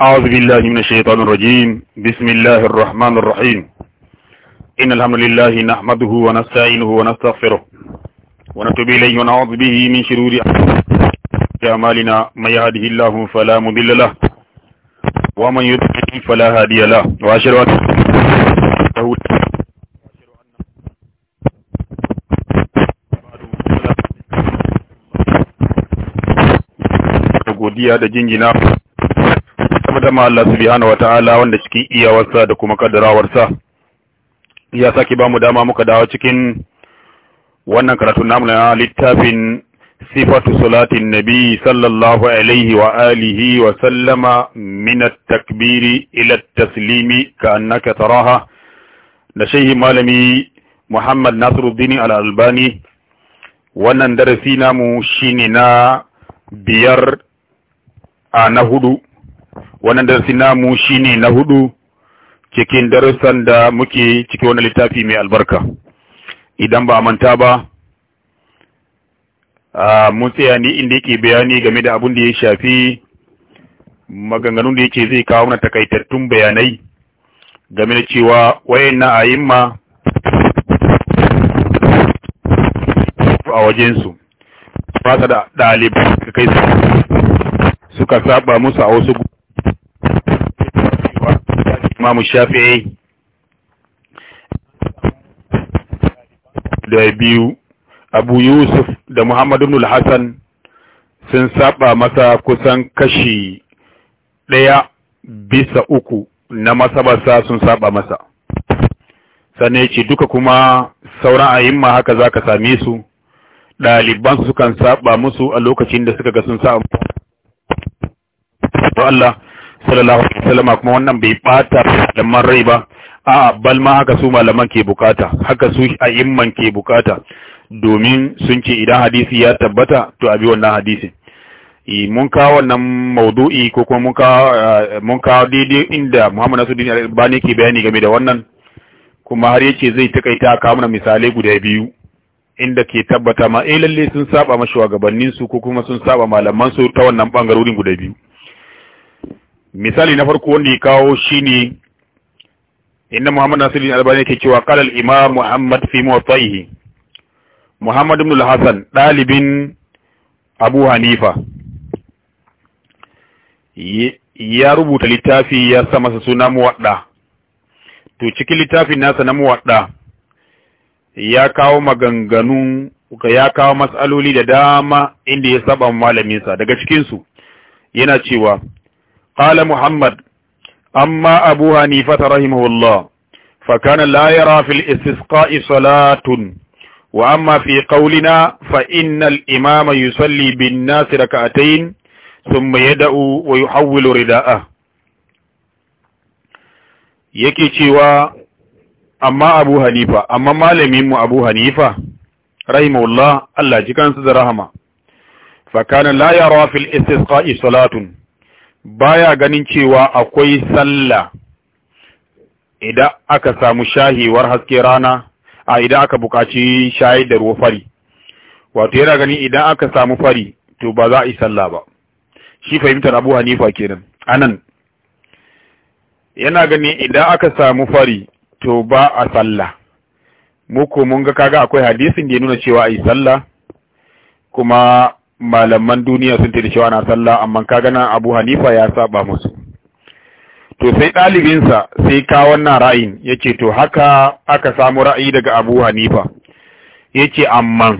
أعوذ بالله من الشيطان الرجيم بسم الله الرحمن الرحيم إن الحمد لله نحمده ونستعينه ونستغفره ونتوب إليه ونعوذ به من شرور أعمالنا من يهده الله فلا مضل له ومن يضلل فلا هادي له وأشهد أن godiya da jingina ma Allah subhanahu wanda cikin iyawarsa da kuma kaddarawarsa ya saki ba mu dama muka dawo cikin wannan karatu namu na littafin sifatu salatin nabi sallallahu alaihi wa alihi wa sallama min at-takbiri ila at-taslimi ka annaka taraha da shehi malami Muhammad Nasiruddin al-Albani wannan darasi namu shine na biyar a na hudu wannan darasi namu shine na hudu cikin darasan da muke cikin wani littafi mai albarka idan ba manta ba mun tsaya ni inda yake bayani game da abin da ya shafi maganganun da yake zai kawo mana takaitattun bayanai game da cewa wayan na ayimma a wajensu ba da ɗalibai suka kai suka saba musu a wasu imam shafi'i da biyu abu yusuf da Muhammadu ibn hassan sun saba masa kusan kashi ɗaya bisa uku na masabarsa sun saba masa sannan ce duka kuma sauran ayimma haka za ka same su ɗaliban sukan saba musu a lokacin da suka ga sun saba Allah sallallahu alaihi wasallam kuma wannan bai bata malaman rai ba a bal ma haka su malaman ke bukata haka su a'imman ke bukata domin sun ce idan hadisi ya tabbata to abi wannan hadisi mun kawo wannan maudu'i ko kuma mun kawo eh, mun kawo daidai inda Muhammad Nasiruddin Albani ke bayani game da wannan kuma har yace zai takaita ka mana misalai guda biyu inda ke tabbata ma eh lalle sun saba ma shugabannin su ko kuma sun saba malaman su ta wannan bangarorin guda biyu misali na farko wanda ya kawo shi ne inda Muhammad Nasiruddin Albani ke cewa qala al Muhammad fi muwattaihi Muhammad ibn al hassan ɗalibin Abu Hanifa ya rubuta littafi ya sa masa suna muwaɗa to cikin littafin nasa na muwaɗa ya kawo ka ya kawo matsaloli da dama inda ya saba malaminsa daga cikinsu yana cewa قال محمد أما أبو هنيفة رحمه الله فكان لا يرى في الاستسقاء صلاة وأما في قولنا فإن الإمام يصلي بالناس ركعتين ثم يدأ ويحول رداءه yake cewa amma abu hanifa amma malaminmu abu hanifa rahimahullah Allah ji kansu da rahama fakana la yara fil istisqa'i salatun baya ganin cewa akwai sallah idan aka samu shahiwar haske rana a idan aka buƙaci shayar da ruwa fari wato yana gani idan aka samu fari to ba za a yi sallah ba shi fahimtar abu hanifa kenan anan yana gani idan aka samu fari to ba a sallah muku mun ga kaga akwai hadisin da ya nuna cewa a yi sallah kuma malaman duniya sun ce da cewa na sallah amma kaga nan Abu Hanifa ya saba musu to sai ɗalibinsa sai ka wannan ra'ayin yace to haka aka samu ra'ayi daga Abu Hanifa yace amma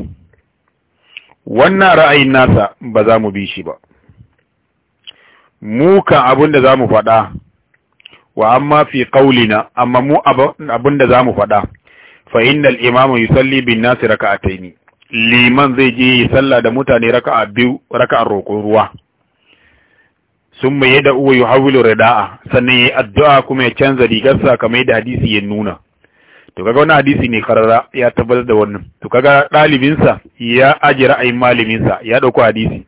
wannan ra'ayin nasa ba za mu bi shi ba mu ka abin da za mu faɗa wa amma fi qaulina amma mu abin da za mu faɗa fa innal imamu yusalli bin nasi raka'ataini liman zai je yi sallah da mutane raka'a biyu raka'a roƙon ruwa sun mai yadda uwa yi hawilu rida'a sannan ya yi addu'a kuma ya canza rigarsa kamar yadda hadisi ya nuna to kaga wani hadisi ne karara ya tabbatar da wannan to kaga ɗalibinsa ya aji ra'ayin malaminsa ya ɗauko hadisi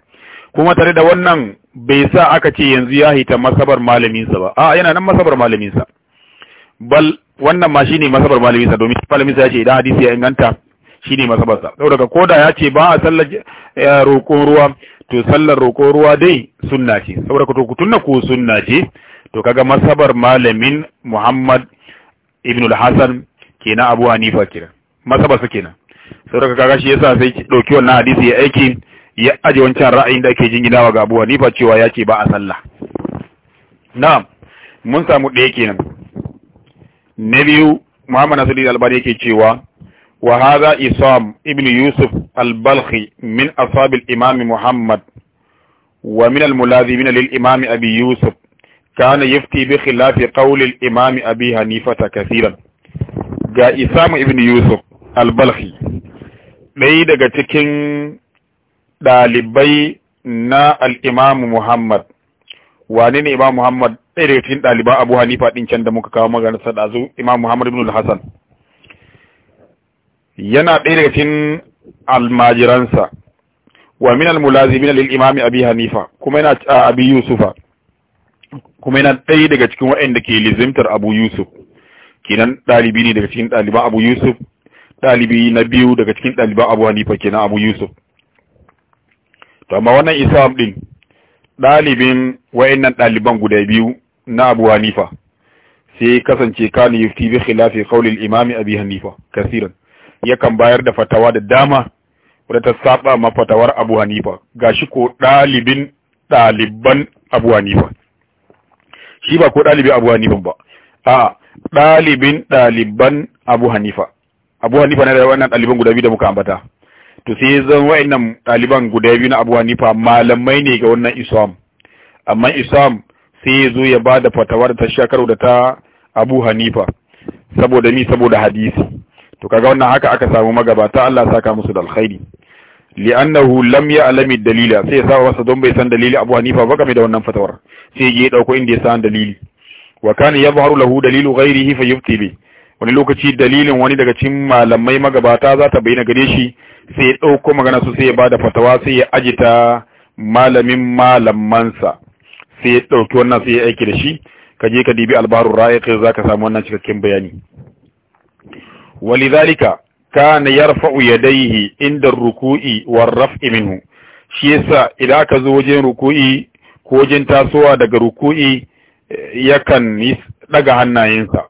kuma tare da wannan bai sa aka ce yanzu ya hita masabar malaminsa ba a yana nan masabar malaminsa bal wannan ma shine masabar malaminsa domin malaminsa ya ce idan hadisi ya inganta shine masabarsa daga koda ya ce ba a sallar eh, roƙon ruwa to sallar roƙon ruwa dai sunna ce sau daga to kutunna ko sunna ce to kaga masabar malamin Muhammad ibn al ke na. Abu Hanifa ke masabarsa kenan daga kaga shi yasa sai ɗauki wannan hadisi ya aiki ya aje wancan ra'ayin da ake jinginawa ga Abu Hanifa cewa ya ce ba a sallah na'am mun samu ɗaya kenan na biyu Muhammad Nasiru Albani yake cewa وهذا إسام ابن يوسف البلخي من أصحاب الإمام محمد ومن الملاذبين للإمام أبي يوسف كان يفتي بخلاف قول الإمام أبي حنيفة كثيرا جاء إسام ابن يوسف البلخي ɗaya daga cikin ɗalibai na al'imamu Muhammad, wane ne Imam Muhammad ɗaya daga cikin ɗaliban Abu Hanifa ɗin can da muka kawo maganarsa da Imam Muhammad yana ɗaya daga cikin almajiransa wa min almulazimin lil imami abi hanifa kuma yana a abi yusufa kuma yana ɗaya daga cikin waɗanda ke lizimtar abu yusuf kenan ɗalibi ne daga cikin ɗaliban abu yusuf ɗalibi na biyu daga cikin ɗaliban abu hanifa kenan abu yusuf to amma wannan isa ɗin ɗalibin wayannan ɗaliban guda biyu na abu hanifa sai kasance kana yufti bi khilafi qawli al-imam abi hanifa kasiran yakan bayar da fatawa da dama wadda ta saba ma fatawar Abu Hanifa gashi ko ɗalibin ɗaliban Abu Hanifa shi ba ko ɗalibin Abu Hanifa ba a ɗalibin ɗaliban Abu Hanifa Abu Hanifa na da wannan ɗaliban guda biyu da muka ambata to sai zan wa'annan ɗaliban guda biyu na Abu Hanifa malamai ne ga wannan Islam amma Islam sai ya zo ya bada fatawar ta shakaru da ta Abu Hanifa saboda ni saboda hadisi to kaga wannan haka aka samu magabata Allah saka musu da alkhairi li'annahu lam ya'lami dalila sai ya saba masa don bai san dalili Abu Hanifa ba kame da wannan fatawar sai ya dauko inda ya san dalili wa kana yabharu lahu dalilu ghayrihi fayufti bi wani lokaci dalilin wani daga cikin malamai magabata za ta bayyana gare shi sai ya dauko magana su sai ya bada fatawa sai ya ajita malamin malamansa sai ya dauki wannan sai ya aiki da shi ka je ka dibi albarur ra'iq zaka samu wannan cikakken bayani walidhalika kana yarfa'u yadayhi inda ruku'i war raf'i shi yasa idan aka zo wajen ruku'i ko wajen tasowa daga ruku'i eh, yakan yi daga hannayensa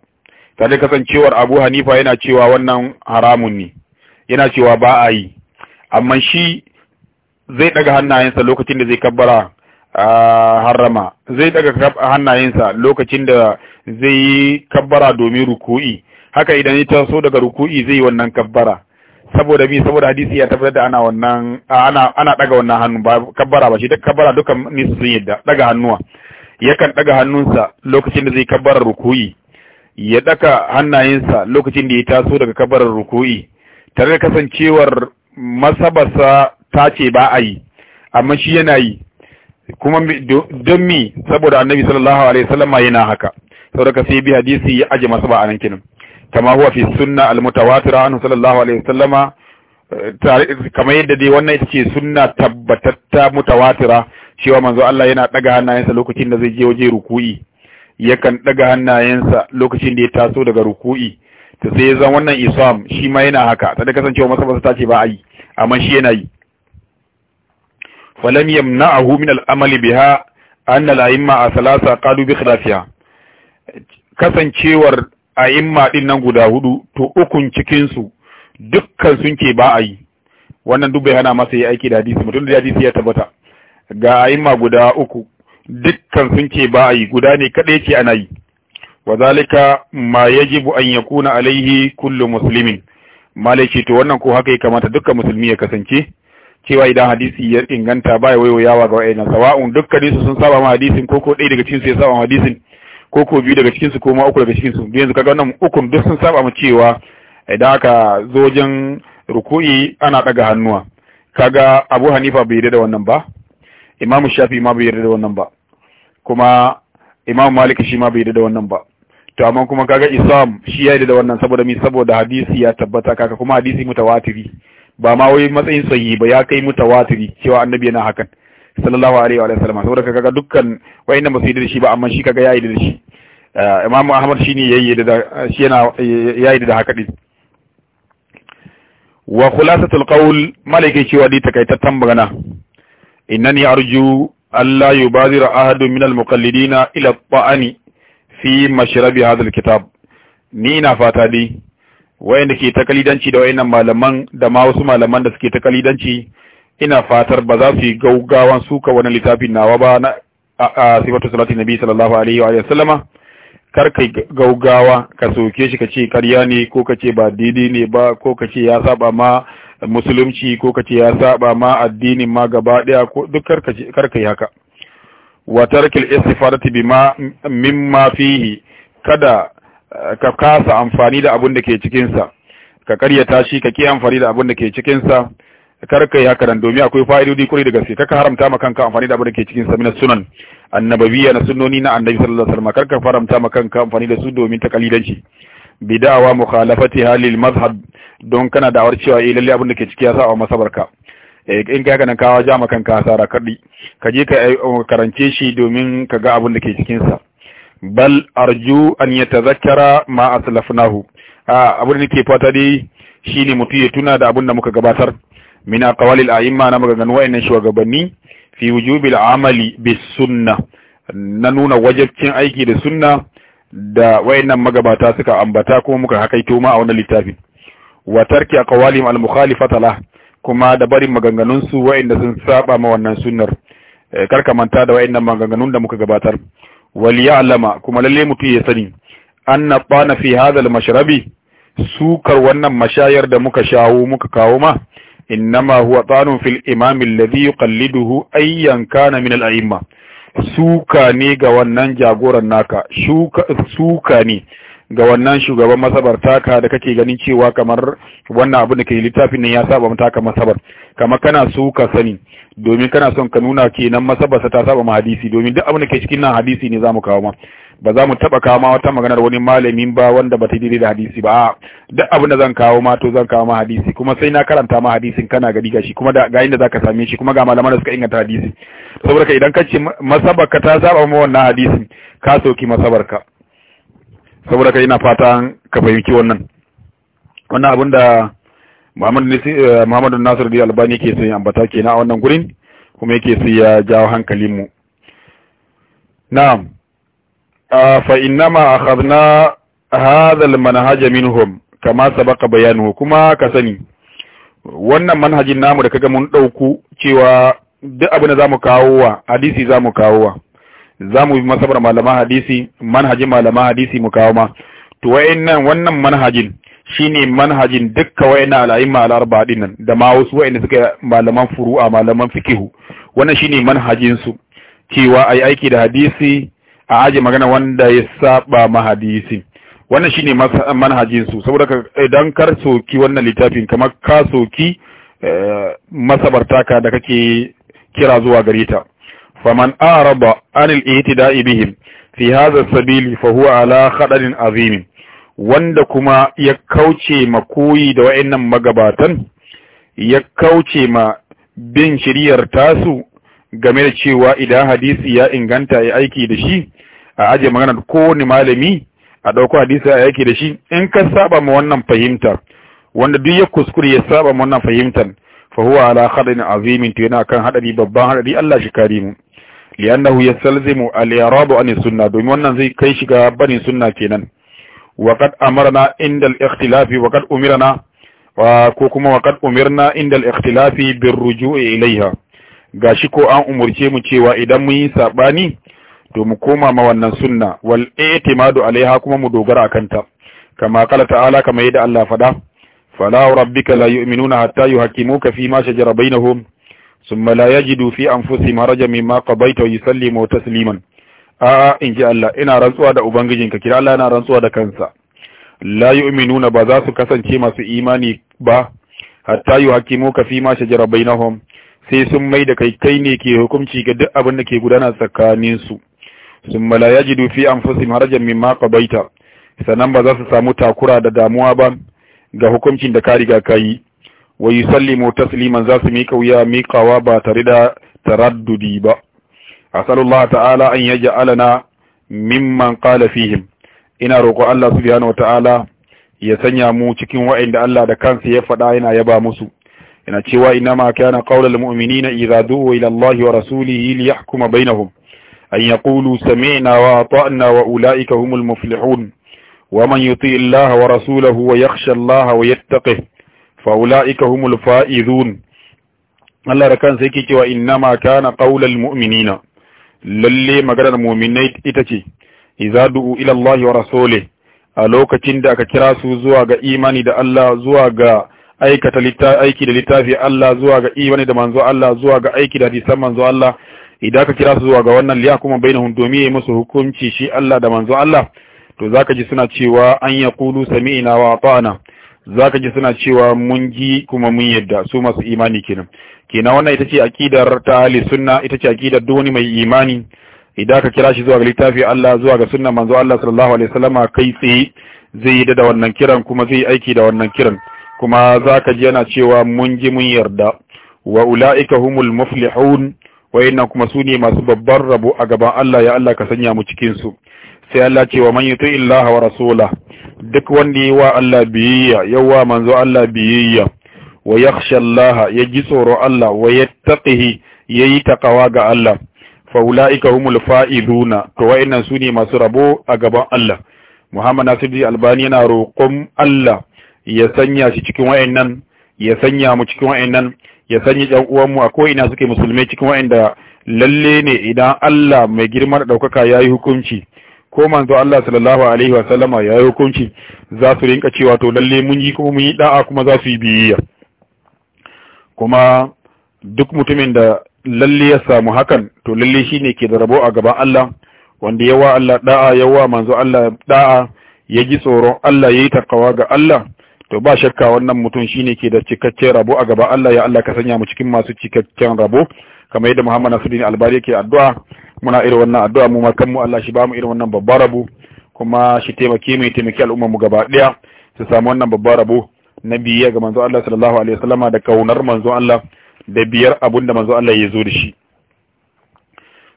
tare kasancewar Abu Hanifa yana cewa wannan haramun ne yana cewa ba a yi amma shi zai daga hannayensa lokacin da zai kabbara harrama zai daga hannayensa lokacin da zai yi kabbara domin ruku'i haka idan ya taso daga ruku'i zai yi wannan kabbara saboda bi saboda hadisi ya tabbatar da ana wannan ana ana daga wannan hannu ba kabbara ba shi duk kabbara dukan ni sun da daga hannuwa yakan daga hannunsa lokacin da zai kabbara ruku'i ya daka hannayensa lokacin da ya taso daga kabbara ruku'i tare da kasancewar masabasa ta ce ba a yi amma shi yana yi kuma don mi saboda annabi sallallahu alaihi wasallam yana haka saboda sai bi hadisi ya aje masa a nan kinin kama huwa fi sunna almutawatira anhu sallallahu alaihi wasallama kamar yadda dai wannan ita ce sunna tabbatatta mutawatira cewa manzo Allah yana daga hannayensa lokacin da zai je waje ruku'i yakan daga hannayensa lokacin da ya taso daga ruku'i to sai ya zan wannan isam shi ma yana haka ta da kasancewa masa ba ta ce ba ai amma shi yana yi falam yamna'ahu min al'amali amali biha anna al a salasa qalu bi khilafiha kasancewar a imma ɗin nan guda hudu to ukun cikinsu dukkan sun ke ba a yi wannan duk bai hana masa yi aiki da hadisi mutum da hadisi ya tabbata ga ma guda uku dukkan sun ce ba a yi guda ne kaɗai ce ana yi wa zalika ma yajibu an yakuna alaihi kullu muslimin malaki to wannan ko haka ya kamata dukkan musulmi ya kasance cewa idan hadisi ya inganta ba ya yawa ga wa'ina sawa'un dukkan su sun saba ma hadisin ko ko ɗaya daga cikin su ya saba ma hadisin ko ko biyu daga cikinsu ko ma uku daga cikinsu biyan su kaga wannan ukun duk sun saba mu cewa idan aka zo wajen ruku'i ana daga hannuwa kaga Abu Hanifa bai yarda da wannan ba Imam Shafi ma bai yarda da wannan ba kuma Imam Malik shi ma bai yarda da wannan ba to amma kuma kaga Islam shi ya yarda da wannan saboda mi saboda hadisi ya tabbata kaga kuma hadisi mutawatiri ba ma wai matsayin sahihi ba ya kai mutawatiri cewa annabi yana hakan sallallahu alaihi wa sallam saboda kaga dukkan wayannan ba su yi da shi ba amma shi kaga yayi da shi eh, Imam Ahmad ne yayi da shi yana yayi da haka din wa khulasatul qawl malike cewa dai takaitaccen magana innani arju alla yubadira ahadun min al-muqallidina ila ta'ani fi mashrabi hadha al-kitab ni na fata dai wayanda ke takalidanci da wayannan malaman da ma wasu malaman da suke takalidanci ina fatar ba za su yi gaugawan suka wani littafin nawa ba na a sifatu salatin nabi sallallahu alaihi wa sallama kar kai gaugawa ka soke shi ka ce karya ne ko ka ce ba daidai ne ba ko ka ce ya saba ma musulunci ko ka ce ya saba ma addinin ma gaba daya ko duk kar kai haka wa tarkil istifadati bima mimma fihi kada eh, ka kasa amfani da abun da ke cikin sa ka karyata shi ka ki amfani da abun da ke cikin sa karka ya karan domin akwai fa'idodi kuri da gaske kaka haramta ma kanka amfani da abin da ke cikin sa na sunan annabawiya na sunnoni na annabi sallallahu alaihi wasallam karka faramta ma kanka amfani da su domin ta kalidanci bidawa mukhalafati halil mazhab don kana da'awar cewa eh lalle abin da ke ciki ya sa wa masabarka eh, in kai nan kawo ja ma kanka asara kadi ka je ka eh, karance shi domin ka ga abin da ke cikin sa bal arju an yatazakkara ma aslafnahu a ah, abin da ke fata dai shine mutu ya tuna da abin da muka gabatar min aqwalil a'imma na maganganu wayannan shugabanni fi wujubil amali bis sunna na nuna wajibcin aiki da sunna da wayannan magabata suka ambata kuma muka hakaito ma a wannan littafin wa tarki aqwalihim al mukhalifata lah kuma da barin maganganun su wayanda sun saba ma wannan sunnar eh, karka manta da wayannan maganganun da muka gabatar wal ya'lama kuma lalle mutu ya sani anna bana fi hadha al mashrabi sukar wannan mashayar da muka shawo muka kawo ma innama huwa tsanun fil imam alladhi yuqalliduhu ayyan kana min al-a'imma suka ne ga wannan jagoran naka suka ne ga wannan shugaban masabar taka da kake ganin cewa kamar wannan abin da ke littafin ya saba mata ka masabar kamar kana so sani domin kana son ka nuna kenan masabarsa ta saba ma hadisi domin duk abin da ke cikin nan hadisi ne zamu kawo ma ba za mu taba ma wata maganar wani malamin ba wanda ba ta yi da hadisi ba duk abin da zan kawo ma to zan kawo ma hadisi kuma sai na karanta ma hadisin kana gadi gashi kuma da ga inda zaka same shi kuma ga malaman da suka inganta hadisi saboda ka idan ka ce ka ta zaba ma wannan hadisin ka soki ka. saboda ka ina fatan ka fahimci wannan wannan abin da Muhammadu eh, Nasiru da Albani ke sai ambata kenan a wannan gurin kuma yake sai ya jawo hankalinmu na'am fa innama akhadna hadha almanhaj minhum kama sabaka bayanuhu kuma ka sani wannan manhajin namu da kaga mun dauku cewa duk abin da zamu kawo wa hadisi zamu kawo wa zamu bi masabar malaman hadisi manhajin malaman hadisi mu kawo ma to wayannan wannan manhajin shine manhajin dukkan wayannan al'aimma al-arba'a dinnan da ma wasu wayanda suka malaman furu'a malaman fikihu wannan shine manhajin su cewa ai aiki da hadisi a aje magana wanda ya saba mahadisi wannan shine manhajin su saboda idan kar soki wannan littafin kamar ka soki eh, masabartaka da kake kira zuwa gare ta faman araba anil ihtida'i bihim fi hadha sabili fa huwa ala khadarin azim wanda kuma ya kauce ma koyi da wayannan magabatan ya kauce ma bin shiriyar tasu game da cewa idan hadisi ya inganta ya aiki da shi a aje magana kowane malami a ɗauko hadisi a yake da shi in ka saba ma wannan fahimta wanda duk ya kuskure ya saba ma wannan fahimtar fa huwa ala khadin azimin to yana kan hadari babban hadari Allah shi kare mu li'annahu yastalzimu al-i'rab an sunna domin wannan zai kai shiga ga barin sunna kenan wa qad amarna inda al-ikhtilafi wa qad umirna wa ko kuma wa qad umirna inda al-ikhtilafi bir-ruju'i ilayha gashi ko an umurce mu cewa idan mun yi sabani to mu koma ma wannan sunna wal i'timadu alaiha kuma mu dogara kanta kama qala ta'ala kama yadda Allah fada fala rabbika la yu'minuna hatta yuhaqqimuka fi ma shajara bainahum thumma la yajidu fi anfusihim harajan mimma qadaita wa yusallimu tasliman a in ji Allah ina rantsuwa da ubangijinka kira Allah yana rantsuwa da kansa la yu'minuna ba za su kasance masu imani ba hatta yuhaqqimuka fi ma shajara bainahum sai sun mai da kai kai ne ke hukunci ga duk abin da ke gudana tsakaninsu thumma la an fi anfusihim harajan mimma qadaita sannan ba za su samu takura da damuwa ba ga hukuncin da ka riga kai wa yusallimu tasliman za su mika wuya miƙawa ba tare da taraddudi ba asalullah ta'ala an yaj'alana mimman qala fihim ina roƙo Allah su wa ta'ala ya sanya mu cikin wa'inda Allah da kansa ya faɗa yana yaba musu yana cewa ina kana qaulul mu'minina idza du'u ila Allah wa rasulihi liyahkuma bainahum أن يقولوا سمعنا وأطعنا وأولئك هم المفلحون ومن يطيع الله ورسوله ويخشى الله ويتقه فأولئك هم الفائزون الله ركان سيكي وإنما كان قول المؤمنين lalle maganar muminai ita ce iza du'u ila wa rasuli a lokacin da aka kira su zuwa ga imani da Allah zuwa ga aikata aiki da Allah zuwa ga imani da manzo Allah zuwa ga hadisan manzo Allah idan ka kira su zuwa ga wannan liya kuma bainahum ya yayi musu hukunci shi Allah da manzo Allah to zaka ji suna cewa an yaqulu sami'na wa ata'na zaka ji suna cewa mun ji kuma mun yadda su masu imani kenan kenan wannan ita ce akidar ta ahli sunna ita ce akidar duk wani mai imani idan ka kira shi zuwa ga littafi Allah zuwa ga sunan manzo Allah sallallahu alaihi wasallama kai tsaye zai yi da wannan kiran kuma zai aiki da wannan kiran kuma zaka ji yana cewa mun ji mun yarda wa ulaika humul muflihun wayannan kuma su ne masu babban rabo a gaban Allah ya Allah ka sanya mu cikin su sai Allah ce wa man yuti illaha wa rasula duk wanda yi wa Allah biyayya yawa manzo Allah biyayya wa yakhsha Allah ya ji tsoro Allah wa yattaqihi yayi takawa ga Allah fa ulaika humul fa'iduna to wayannan su ne masu rabo a gaban Allah Muhammad Nasiru Albani yana roƙon Allah ya sanya shi cikin wayannan ya sanya mu cikin wayannan ya sanya ɗan uwanmu a ko ina suke musulmai cikin wa'anda lalle ne idan Allah mai girma da ɗaukaka ya yi hukunci ko manzo Allah sallallahu alaihi wa sallama ya yi hukunci za su rinka cewa to lalle mun yi kuma mun yi da'a kuma za su yi biyayya kuma duk mutumin da lalle ya samu hakan to lalle shine ke da rabo a gaban Allah wanda yawa Allah da'a yawa manzo Allah da'a ya ji tsoron Allah ya yi takawa ga Allah to ba shakka wannan mutum shine ke da cikakken rabo a gaba Allah ya Allah ka sanya mu cikin masu cikakken rabo kamar yadda Muhammad Nasiruddin Albari yake addu'a muna irin wannan addu'a mu ma kanmu Allah shi ba mu irin wannan babbar rabo kuma shi taimake mu taimake al'umma mu gaba daya su samu wannan babbar rabo na biyayya ga manzo Allah sallallahu alaihi wasallama da kaunar manzo Allah da biyar abun da manzo Allah ya zo da shi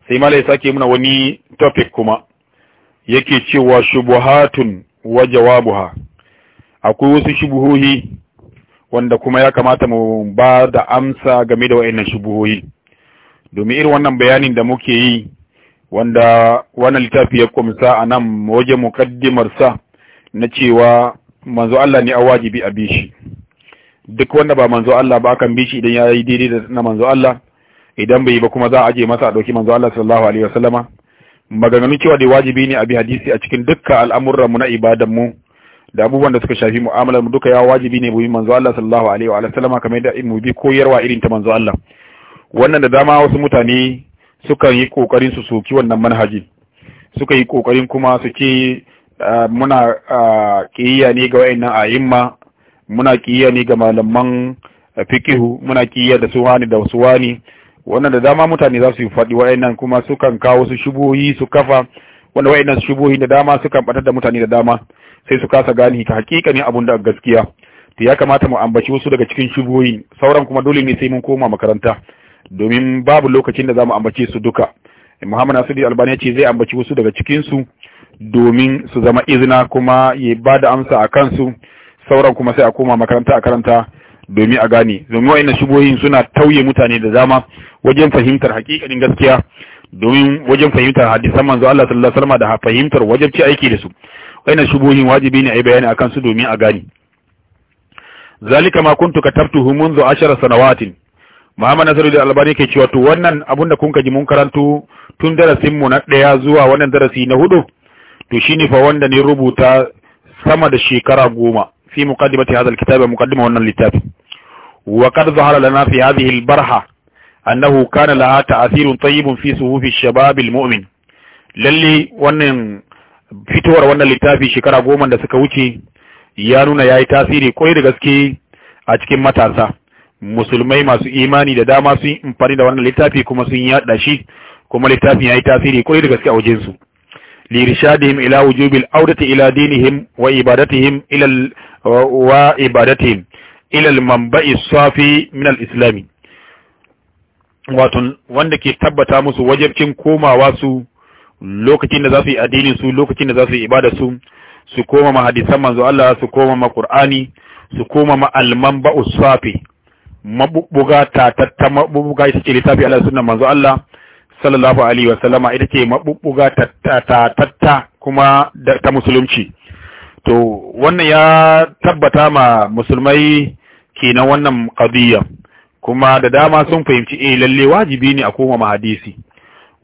sai malai sake muna wani topic kuma yake cewa shubuhatun wa jawabuha akwai wasu shubuhohi wanda kuma ya kamata mu ba da amsa game da wa'annan shubuhohi domin irin wannan bayanin da muke yi wanda wannan littafi ya kumsa a nan waje mukaddimarsa na cewa manzo Allah ne a wajibi a bishi duk wanda ba manzo Allah ba akan bishi idan ya yi daidai da na manzo Allah idan bai ba kuma za a aje masa a ɗauki manzo Allah sallallahu alaihi wasallama maganganun cewa da wajibi ne a bi hadisi a cikin dukkan al'amuran mu na ibadan mu da abubuwan da suka shafi mu'amalar mu duka ya wajibi ne mu manzo Allah sallallahu alaihi wa sallam kamar da mu bi koyarwa irin ta manzo Allah wannan da dama wasu mutane sukan yi kokarin su soki wannan manhaji suka yi kokarin kuma su ce ah, muna ah, kiyaya ne ga wayannan a'imma muna kiyaya ne ga malaman ah, fikihu muna kiyaya da suwani da suwani wannan da dama mutane za su yi fadi wayannan kuma sukan kawo su shubuhi su kafa wanda wayannan shubuhi da dama sukan batar da mutane da dama sai su kasa gane ta hakika ne abun da gaskiya to ya kamata mu ambaci wasu daga cikin shubuhoyin sauran kuma dole ne sai mun koma makaranta domin babu lokacin da za mu ambace su duka Muhammad Nasiru Albani ya ce zai ambaci wasu daga cikin su domin su zama izina kuma ya ba da amsa a kansu sauran kuma sai a koma makaranta a karanta domin a gane domin wa'in shubohin suna tauye mutane da dama wajen fahimtar hakikanin gaskiya domin wajen fahimtar hadisan manzo Allah sallallahu alaihi wasallam da fahimtar ci aiki da su baina shubuhin wajibi ne a yi bayani akan su domin a gani zalika ma kuntu katabtuhu zo 10 sanawatin Muhammad Nasiruddin Albani ke cewa to wannan abun da kun ji mun karantu tun darasin mu na daya zuwa wannan darasi na hudu to shine fa wanda ne rubuta sama da shekara goma fi muqaddimati hadha alkitab wa muqaddima wannan littafi wa qad zahara lana fi hadhihi albarha annahu kana laha ta'thirun tayyibun fi suhufi shababil mumin lalle wannan fitowar wannan littafi shekara goma da suka wuce ya nuna ya yi tasiri kwai da gaske a cikin matasa musulmai masu imani da dama sun amfani da wannan littafi kuma sun yaɗa shi kuma littafin ya yi tasiri kwai da gaske a wajensu lirishadihim ila wujubil audati ila dinihim wa ibadatihim ila wa ibadatihim ila al safi min al-islami wato wanda ke tabbata musu wajibcin komawa su lokacin da za su yi addini su lokacin da za su yi ibada su su koma ma hadisan manzo Allah su koma ma Qur'ani su koma ma usafi mabubuga ta tatatta mabubuga ita ce littafi Allah sunna manzo Allah sallallahu alaihi wa sallama ita ce mabubbuga tatatta kuma ta musulunci to wannan ya tabbata ma musulmai kenan wannan qadiyya kuma da dama sun fahimci eh lalle wajibi ne a koma ma hadisi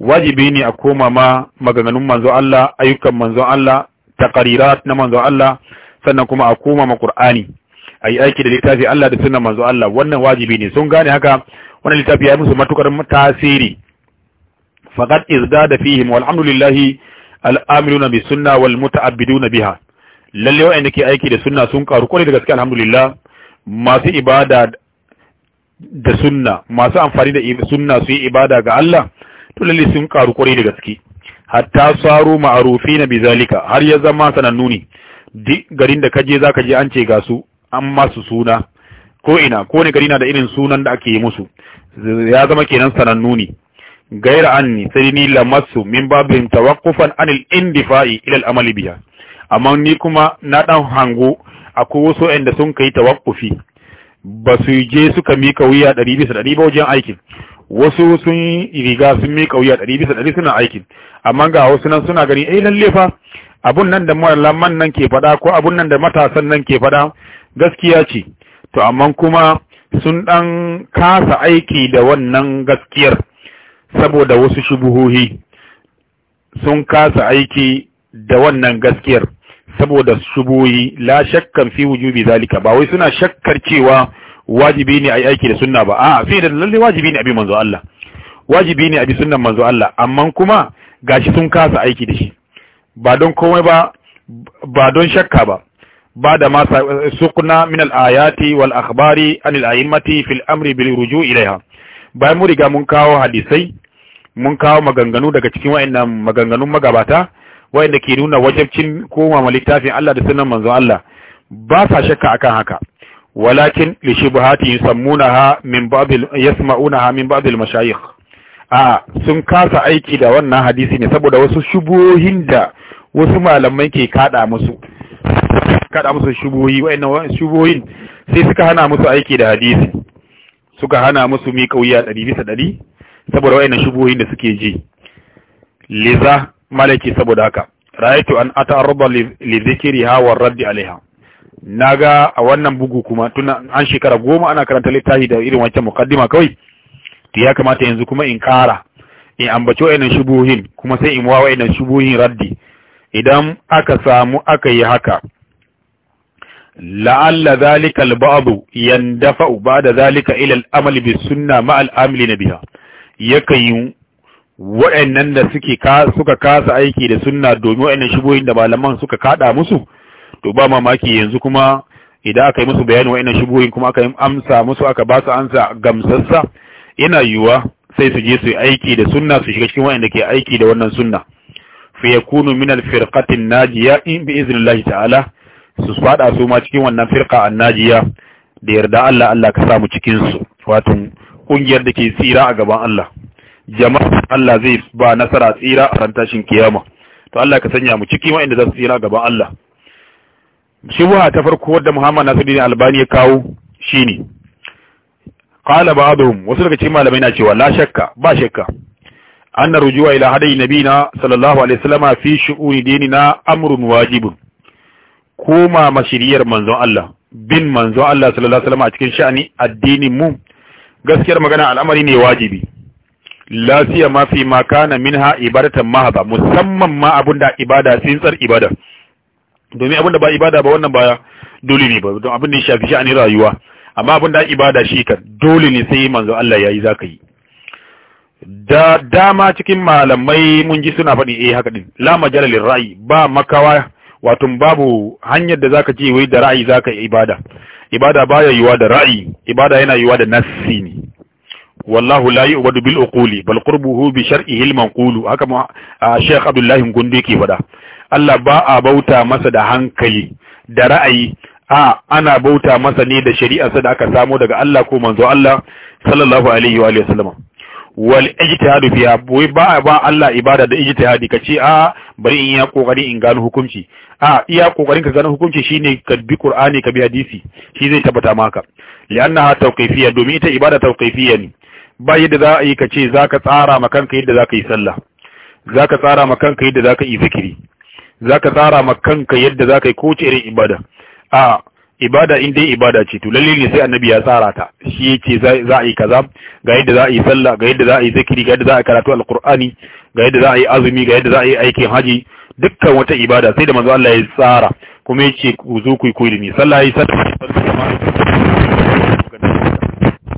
wajibi ne a koma ma maganganun manzo Allah ayyukan manzo Allah taqarirat na manzo Allah sannan kuma a koma ma Qur'ani ayi aiki da littafi Allah da sunnan manzo Allah wannan wajibi ne sun gane haka wannan littafi ya musu matukar tasiri faqad izdada fihim walhamdulillahi al'amiluna bi sunna wal muta'abbiduna biha lalle wa'anda ke aiki da sunna sun karu kwarai da gaske alhamdulillah masu ibada da sunna masu amfani da sunna su yi ibada ga Allah to lalle sun karu kwarai da gaske hatta saro ma'arufi na bizalika har ya zama sanannu ne duk garin da kaje zaka je an ce ga su an masu suna ko ina ko ne gari na da irin sunan da ake yi musu ya zama kenan sanannu ne gaira anni sai ni lamassu min babin tawaqqufan anil indifa'i ila al-amal biha amma ni kuma na dan hango akwai wasu inda sun kai tawaqqufi ba su je suka mika wuya 100 bisa 100 ba wajen aikin wasu sun yi riga sun miƙa wuya ɗari bisa ɗari suna aikin amma ga wasu nan suna gani eh lalle fa abun nan da malaman nan ke faɗa ko abun nan da matasan nan ke faɗa gaskiya ce to amma kuma sun ɗan kasa aiki da wannan gaskiyar saboda wasu shubuhuhi sun kasa aiki da wannan gaskiyar saboda shubuhi la shakkan fi wujubi zalika ba wai suna shakkar cewa wajibi ne a yi aiki da sunna ba a fi da lalle wajibi ne a bi manzo Allah wajibi ne a bi sunnan manzo Allah amma kuma gashi sun kasa aiki da shi ba don komai ba ba don shakka ba ba da masa sukuna min al-ayati wal akhbari an al-a'immati fil amri bil ruju' bayan mu riga mun kawo hadisai mun kawo maganganu daga cikin wayannan maganganun magabata wayanda ke nuna wajibcin koma ma littafin Allah da sunan manzo Allah ba sa shakka akan haka walakin li shubhati yusammunaha min babil yasma'unaha min babil mashayikh sun kasa aiki da wannan hadisi ne saboda wasu shubuhohin da wasu malamai ke kada musu kada musu shubuhi wa'annan shubuhohin sai suka hana musu aiki da hadisi suka hana musu mi kauya 100 bisa 100 saboda wa'annan shubuhohin da suke ji liza malaki saboda haka ra'aytu an ata'arrada li dhikriha wa raddi alaiha naga a wannan bugu kuma tun an shekara goma ana karanta littafi da irin wancan mukaddima kawai to ya kamata yanzu kuma in kara in ambaci wa'annan shubuhin kuma sai in wawa wa'annan shubuhin raddi idan aka samu aka yi haka la'alla zalika al uba yandafa'u ba'da zalika ila al-amal bis sunna ma al-amilina biha yakan da suke suka kasa aiki da sunna domin wa'annan shubuhin da malaman suka kada musu to ba mamaki yanzu kuma idan aka yi musu bayanin wa'annan shubuhin kuma aka yi amsa musu aka ba su amsa gamsassa yana yiwuwa sai su je su yi aiki da sunna su shiga cikin wa'inda ke aiki da wannan sunna ya kunu min al najiya in bi iznillahi ta'ala su fada su ma cikin wannan firqa an da yarda Allah Allah ka samu cikin su wato kungiyar da ke tsira a gaban Allah jama'a Allah zai ba nasara tsira a ran kiyama to Allah ka sanya mu ciki wa'inda za su tsira gaban Allah shubuha ta farko wadda Muhammad Nasiruddin Albani ya kawo shine qala ba'dhum wasu daga cikin malamai na cewa la shakka ba shakka anna rujua ila hadayi nabina sallallahu alaihi wasallama fi shu'uni dinina amrun wajibun koma mashiriyar manzon Allah bin manzon Allah sallallahu alaihi wasallama a cikin sha'ani addinin mu gaskiyar magana al'amari ne wajibi la mafi fi ma kana minha ibadatan mahaba musamman ma abunda ibada tsintsar ibada domin abin da ba ibada ba wannan baya dole ne ba don abin da ya shafi sha'anin rayuwa amma abin da ibada shi kan dole ne sai manzo Allah yayi zaka yi da dama cikin malamai mun ji suna faɗi eh haka din la majalalin ra'ayi ba makawa wato babu hanyar da zaka je wai da ra'ayi zaka yi ibada ibada baya yiwa da ra'ayi ibada yana yiwa da nassi ne wallahu la yu'badu bil uquli bal qurbuhu bi shar'ihi al manqulu haka ma Sheikh Abdullahi Gundu ke faɗa Allah ba a bauta masa da hankali da ra'ayi a ana bauta masa ne da shari'arsa da aka samo daga Allah ko manzo Allah sallallahu alaihi wa alihi wasallam wal ijtihadu fiya? wai ba ba Allah ibada da ijtihadi kace a bari in ya kokari in gano hukunci a iya kokarin ka gano hukunci shine ka bi Qur'ani ka bi hadisi shi zai tabbata maka li'annaha tawqifiyya domin ita ibada tawqifiyya ne ba yadda za a yi kace zaka tsara ma kanka yadda zaka yi sallah zaka tsara ma yadda zaka yi zikiri zaka tsara ma kanka yadda zaka yi kowace irin ibada a ibada in dai ibada ce to lalle ne sai annabi ya tsara ta shi yake za a yi kaza ga yadda za a yi sallah ga yadda za a yi zikiri ga yadda za a karatu alqur'ani ga yadda za a yi azumi ga yadda za a yi aikin haji dukkan wata ibada sai da manzo Allah ya tsara kuma yace ku zo ku yi koyi da ni sallah yi sallah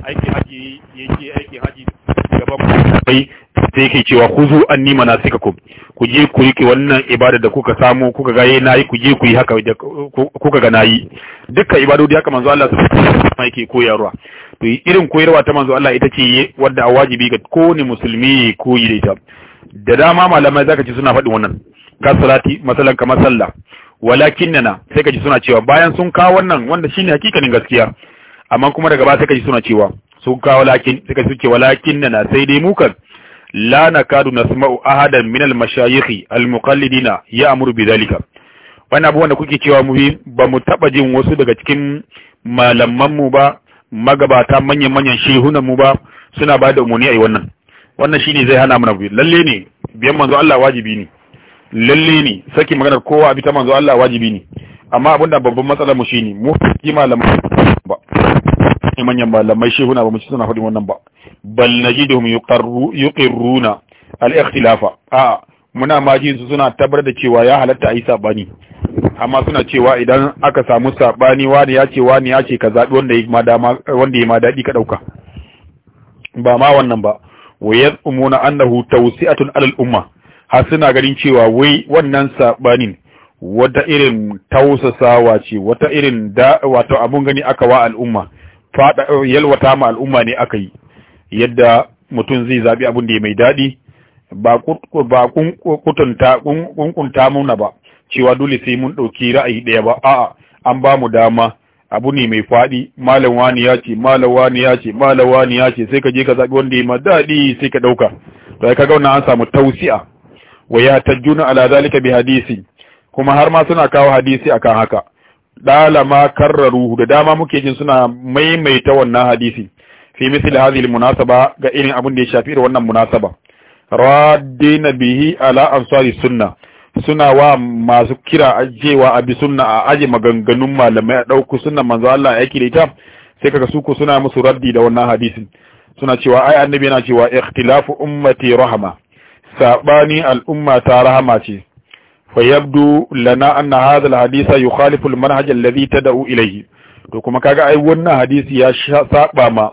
aiki haji yake aiki haji gaban kai sai ke cewa ku zo an nima na suka ku ku je ku riƙe wannan ibada da kuka samu kuka ga yayi eh, nayi ku je ku yi haka kuka ga nayi dukkan da haka manzo Allah mai ke koyarwa to irin koyarwa ta manzo Allah ita ce wadda a wajibi ga kowane musulmi koyi da ita da dama malamai zaka ci suna faɗin wannan ka salati masalan kamar sallah nana. sai ka ji suna cewa bayan sun kawo wannan wanda shine hakikanin gaskiya amma kuma daga ba sai ka ji suna cewa sun kawo lakin sai ka ji suke nana. sai dai mu kan la nakadu nasma'u ahadan min al-mashayikh al-muqallidina ya'muru bidhalika wannan abu wanda kuke cewa muhi ba mu taba jin wasu daga cikin malaman mu ba magabata manyan manyan shehunan mu ba suna ba da umarni ai wannan wannan shine zai hana mana bi lalle ne biyan manzo Allah wajibi ne lalle ne saki maganar kowa bi ta manzo Allah wajibi ne amma abinda babban matsalar mu shine mu ki malaman ba manyan malamai shehuna ba mu ci suna faɗin wannan ba bal najiduhum yuqirruna al-ikhtilafa a muna ma ji su suna tabbar da cewa ya halatta yi sabani amma suna cewa idan aka samu sabani wani ya ce wani ya ce ka zabi wanda ya ma dama ma dadi ka dauka ba ma wannan ba wa umuna annahu tawsi'atun alal umma har suna ganin cewa wai wannan sabanin wata irin tausasawa ce wata irin da wato abun gani aka wa al'umma fada eh, yalwata ma al'umma ne aka yi yadda mutum zai zabi abin da ya mai daɗi ba ba kunkunta kunkunta muna ba cewa dole sai mun ɗauki ra'ayi ɗaya ba a'a an ba mu dama abu ne mai faɗi malam wani ya ce malam wani ya ce malam wani ya ce sai ka je ka zaɓi wanda ya ma daɗi sai ka ɗauka to ai kaga wannan an samu tausi'a wa ya tajjuna ala zalika bi hadisi kuma har ma suna kawo hadisi akan haka dalama karraru da dama muke jin suna maimaita wannan hadisi fi misli hadhihi munasaba ga irin abin da ya shafi wannan munasaba raddina bihi ala ansari sunna suna wa masu kira ajewa abi sunna a aje maganganun malamai a dauku sunna manzo Allah ya aiki da sai kaga su ku suna musu raddi da wannan hadisin suna cewa ai annabi yana cewa ikhtilafu ummati rahma sabani al'umma ta rahama ce فيبدو لنا أن هذا الحديث يخالف المنهج الذي تدعو إليه to kuma kaga ai wannan hadisi ya saba ma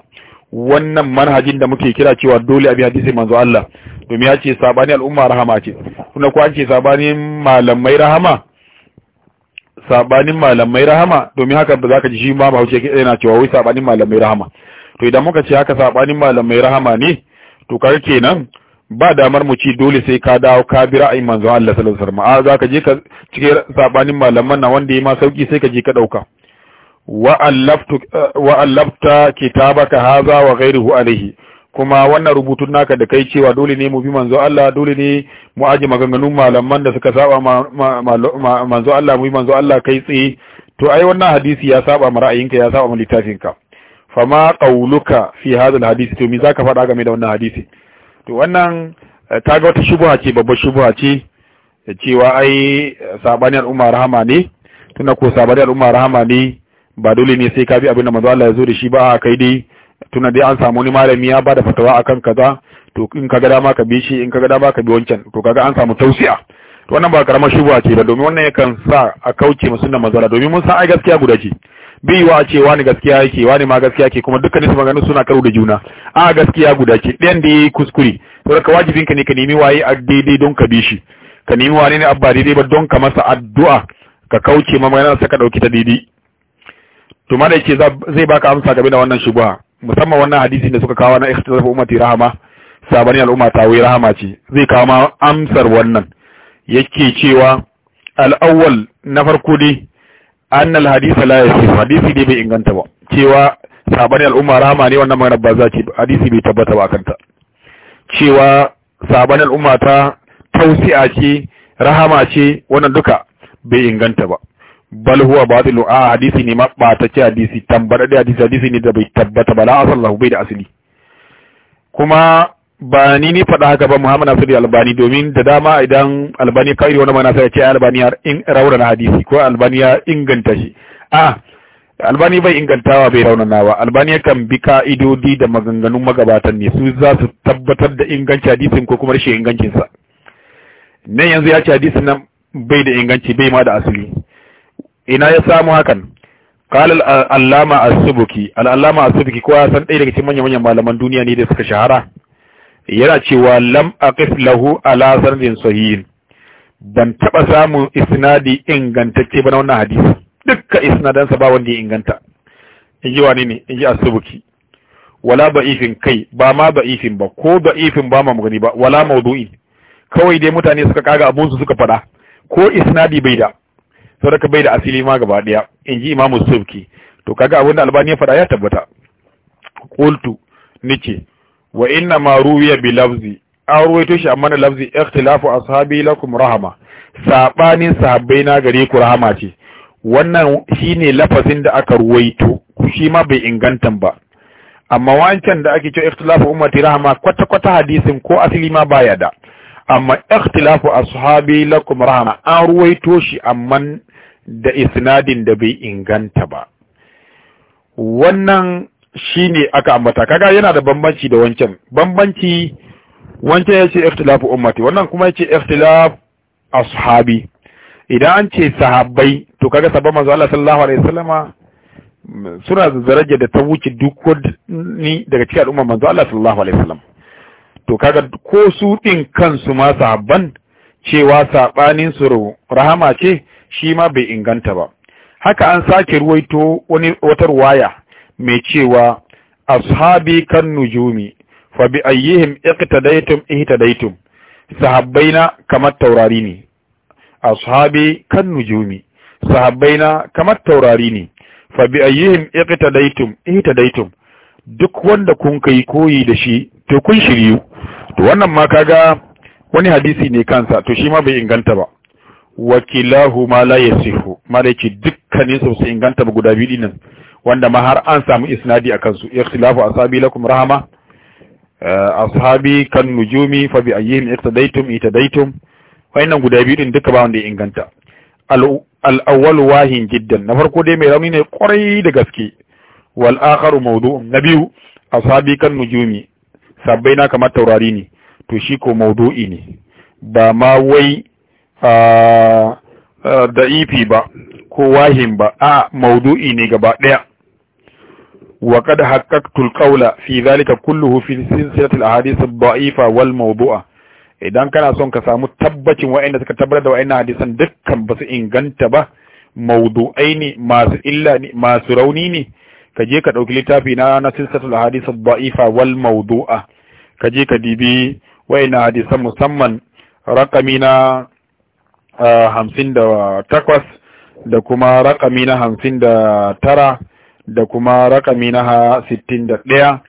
wannan manhajin da muke kira cewa dole abi hadisi manzo Allah domin ya ce sabani al'umma rahama ce kuma ko an ce sabanin malamai rahama sabanin malamai rahama domin haka ba za ka ji shi ma Bahaushe yana cewa wai sabanin malamai rahama to idan muka ce haka sabanin malamai rahama ne to kar kenan ba damar mu ci dole sai ka dawo ka bi ra'ayin manzo Allah sallallahu alaihi wasallam a za ka je ka cike sabanin malaman nan wanda ya ma sauki sai ka je ka dauka wa allaftu wa allafta kitabaka hadha wa ghayrihu alaihi kuma wannan rubutun naka da kai cewa dole ne mu bi manzo Allah dole ne mu aje maganganun malaman da suka saba manzo Allah mu bi manzo Allah kai tsaye to ai wannan hadisi ya saba ma ra'ayinka ya saba ma littafinka fama qauluka fi hadha alhadisi to me zaka faɗa game da wannan hadisi to wannan kaga eh, wata shubuha ce babbar shubuha ce cewa ai eh, sabani al'umma rahama ne tunda ko sabani al'umma rahama ne ba dole ne sai ka bi abin da manzo Allah ya zo da shi ba kai dai tunda dai an samu wani malami ya bada fatawa akan kaza to in kaga dama ka bi shi in kaga dama ka bi wancan to kaga an samu tausiya to wannan ba karamar shubuha ce ba domin wannan yakan sa a kauce mu sunnan manzo Allah domin mun san ai gaskiya guda ce bai yi wa ce wani gaskiya yake wani ma gaskiya yake kuma dukkanin su maganganu suna karo da juna a gaskiya guda ce ɗayan da ya yi kuskure to daga wajibin ka ne ka nemi waye a daidai don ka bi shi ka nemi wa ne abba daidai ba don ka masa addu'a ka kauce ma maganar sa ka ɗauki ta daidai to ma da yake zai baka amsa game da wannan shubha musamman wannan hadisi da suka kawo na ikhtisafu ummati rahama sabani al'umma ta wai rahama ce zai kawo ma amsar wannan yake cewa al'awwal na farko dai annal hadisa la yasih hadisi ne bai inganta ba cewa sabani al'umma rama ne wannan magana ba za ce hadisi bai tabbata ba kanta cewa sabani al'umma ta tausi'a ce rahama ce wannan duka bai inganta ba bal huwa batilu a hadisi ne ma batacce hadisi tambada da hadisi hadisi ne da bai tabbata ba la asallahu bai da asali kuma ba ni ni faɗa haka ba Muhammad Nasiru Albani domin da dama idan Albani kai wani mana sai ya ce Albani ya na hadisi ko Albani ya inganta shi a Albani bai ingantawa bai raunana ba Albani kan bi ka'idodi da maganganun magabatan ne su za su tabbatar da inganci hadisin ko kuma rashin ingancin sa nan yanzu ya ce hadisin nan bai da inganci bai ma da asali ina ya samu hakan قال العلامة السبكي العلامة السبكي كوا san ɗaya daga cikin manya manyan malaman duniya ne da suka shahara yana cewa lam aqif lahu ala sanadin sahihin ban taba samu isnadi ingantacce ba na wannan hadisi dukka sa ba wanda ya inganta inji wani ne inji asubuki wala ba'ifin kai ba ma ba'ifin ba ko ba'ifin ba ma magani ba wala mawdu'i kawai dai mutane suka kaga abun su suka fada ko isnadi bai da saboda bai da asili ma gaba daya inji imamu subki to kaga abin da albani ya fada ya tabbata qultu nice wa inna ma ruwiya bi lafzi an ruwaito shi amma da lafzi ikhtilafu ashabi lakum rahama sabanin sahabbai na gare ku rahama ce wannan shine lafazin da aka ruwaito shi ma bai inganta ba amma wancan da ake cewa ikhtilafu ummati rahama kwata kwata hadisin ko asali ma baya da amma ikhtilafu ashabi lakum rahama an ruwaito shi amma da isnadin da bai inganta ba wannan Shi ne aka ambata kaga yana da bambanci da wancan bambanci wancan ya ce ikhtilafu ummati wannan kuma ya ce ikhtilaf ashabi idan an ce sahabbai to kaga sabban manzo Allah sallallahu alaihi wasallama suna da daraja da ta wuce duk wani daga cikin al'umma manzo Allah sallallahu alaihi wasallam to kaga ko su din kansu ma sahabban cewa sabanin su rahama ce shi ma bai inganta ba haka an sake ruwaito wani wata ruwaya mai cewa ashabi kan nujumi fa bi ayyihim iqtadaytum ihtadaytum sahabbaina kamar taurari ne ashabi kan nujumi sahabbaina kamar taurari ne fa bi ayyihim iqtadaytum ihtadaytum duk wanda kun kai koyi da shi to kun shiryu to wannan ma kaga wani hadisi ne kansa to shi ma bai inganta ba wakilahu ma la yasihu malaiki dukkanin su inganta ba guda biyu dinnan wanda ma har an samu isnadi a kansu ikhtilafu ashabi lakum rahama eh, ashabi kan nujumi fa bi ayyihim iqtadaytum itadaytum wayannan guda biyu din duka ba wanda ya inganta al awwal wahin jiddan na farko dai mai rauni ne kwarai da gaske wal akharu mawdu'un na biyu ashabi kan nujumi sabbai na kamar taurari ne to shi ko mawdu'i ne ba ma wai ah, ah, da'ifi ba ko wahin ba a maudu'i ne gaba ɗaya وقد حققت القول في ذلك كله في سلسلة الأحاديث الضعيفة والموضوعة idan kana son ka samu tabbacin wa'anda suka tabbatar da wa'annan hadisan dukkan ba su inganta ba mawdu'ai ne masu illa ne masu rauni ne ka je ka dauki littafi na na silsilatul ahadith ad-da'ifa wal mawdu'a ka je ka dibi wa'annan hadisan musamman raqami na 58 da kuma raqami na 59 da kuma rakami na sittin da ɗaya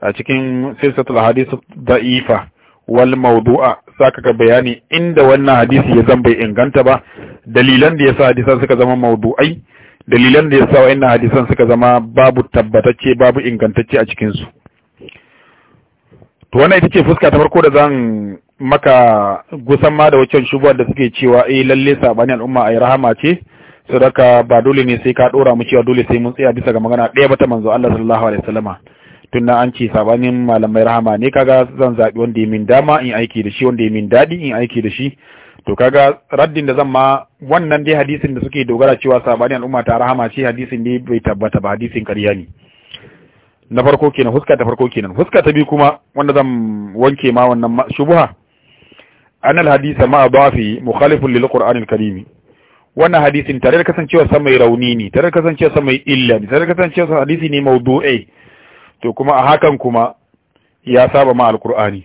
a cikin silsatul da da'ifa wal mawdu'a saka ka bayani inda wannan hadisi ya zan bai inganta ba dalilan da yasa hadisan suka zama mawdu'ai dalilan da yasa wa'annan hadisan suka zama babu tabbatacce babu ingantacce a cikin su to wannan ita ce fuska ta farko da zan maka gusan ma da waccan shubuwar da suke cewa eh lalle sabani al'umma ai rahama ce sadaka ba dole ne sai ka dora mu cewa dole sai mun tsaya bisa ga magana ɗaya ba ta manzo Allah sallallahu alaihi wasallama tunna an ce sabanin malamai rahama ne kaga zan zabi wanda ya min dama in aiki da shi wanda ya min dadi in aiki da shi to kaga raddin da zan ma wannan dai hadisin da suke dogara cewa sabanin al'umma ta rahama ce hadisin ne bai tabbata ba hadisin ƙarya ne na farko kenan huska ta farko kenan huska ta biyu kuma wanda zan wanke ma wannan shubha anal hadisa ma dafi mukhalifun lil qur'anil karimi wannan hadisin tare da kasancewa sa mai rauni ne tare da kasancewa sa mai illa ne tare da kasancewa sa hadisi ne mawdu'i to kuma a hakan kuma ya saba ma alqur'ani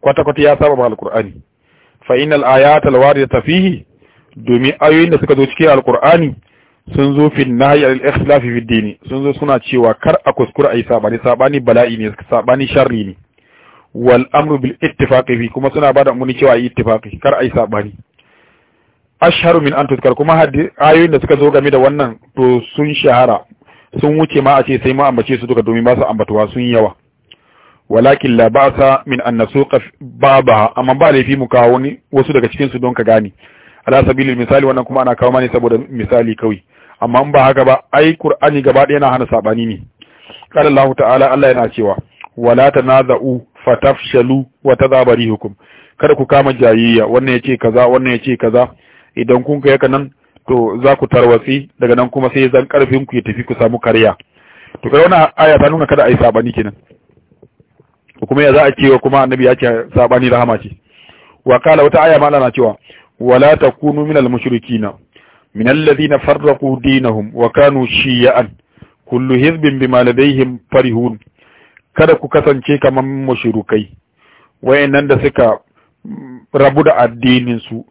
kwata kwata ya saba ma alqur'ani fa innal ayata alwaridata fihi domin ayoyin da suka zo cikin alqur'ani sun zo fi nahyi al ikhlaf fi dini sun zo suna cewa kar a kuskura ayi sabani sabani bala'i ne sabani sharri ne wal amru bil ittifaqi fi kuma suna bada umarni cewa ayi ittifaqi kar ayi sabani asharu min an kuma ayoyin da suka zo game da wannan to sun shahara sun wuce ma a ce sai ma ambace su duka domin ba su ambatuwa sun yawa walakin la ba'sa min an nasuqa baba amma ba laifi mu kawo ni wasu daga cikin su don ka gane ala sabilil misali wannan kuma ana kawo mani saboda misali kawai amma in ba haka ba ai qur'ani gaba ɗaya yana hana sabani ne qala allah ta'ala allah yana cewa wala tanaza'u fatafshalu wa hukum kada ku kama jayayya wannan yace kaza wannan yace kaza idan kun kai nan to za ku tarwatsi daga nan kuma sai zan karfin ku ya tafi ku samu karya to kai wannan aya ta nuna kada ai sabani kenan kuma ya za a cewa kuma annabi ya ce sabani rahama ce wa kala wata aya malana cewa wala takunu minal mushrikina من farraqu dinahum wa kanu shiyan kullu hizbin bima ladayhim farihun kada ku kasance kamar mushrikai wayannan da suka rabu da addinin su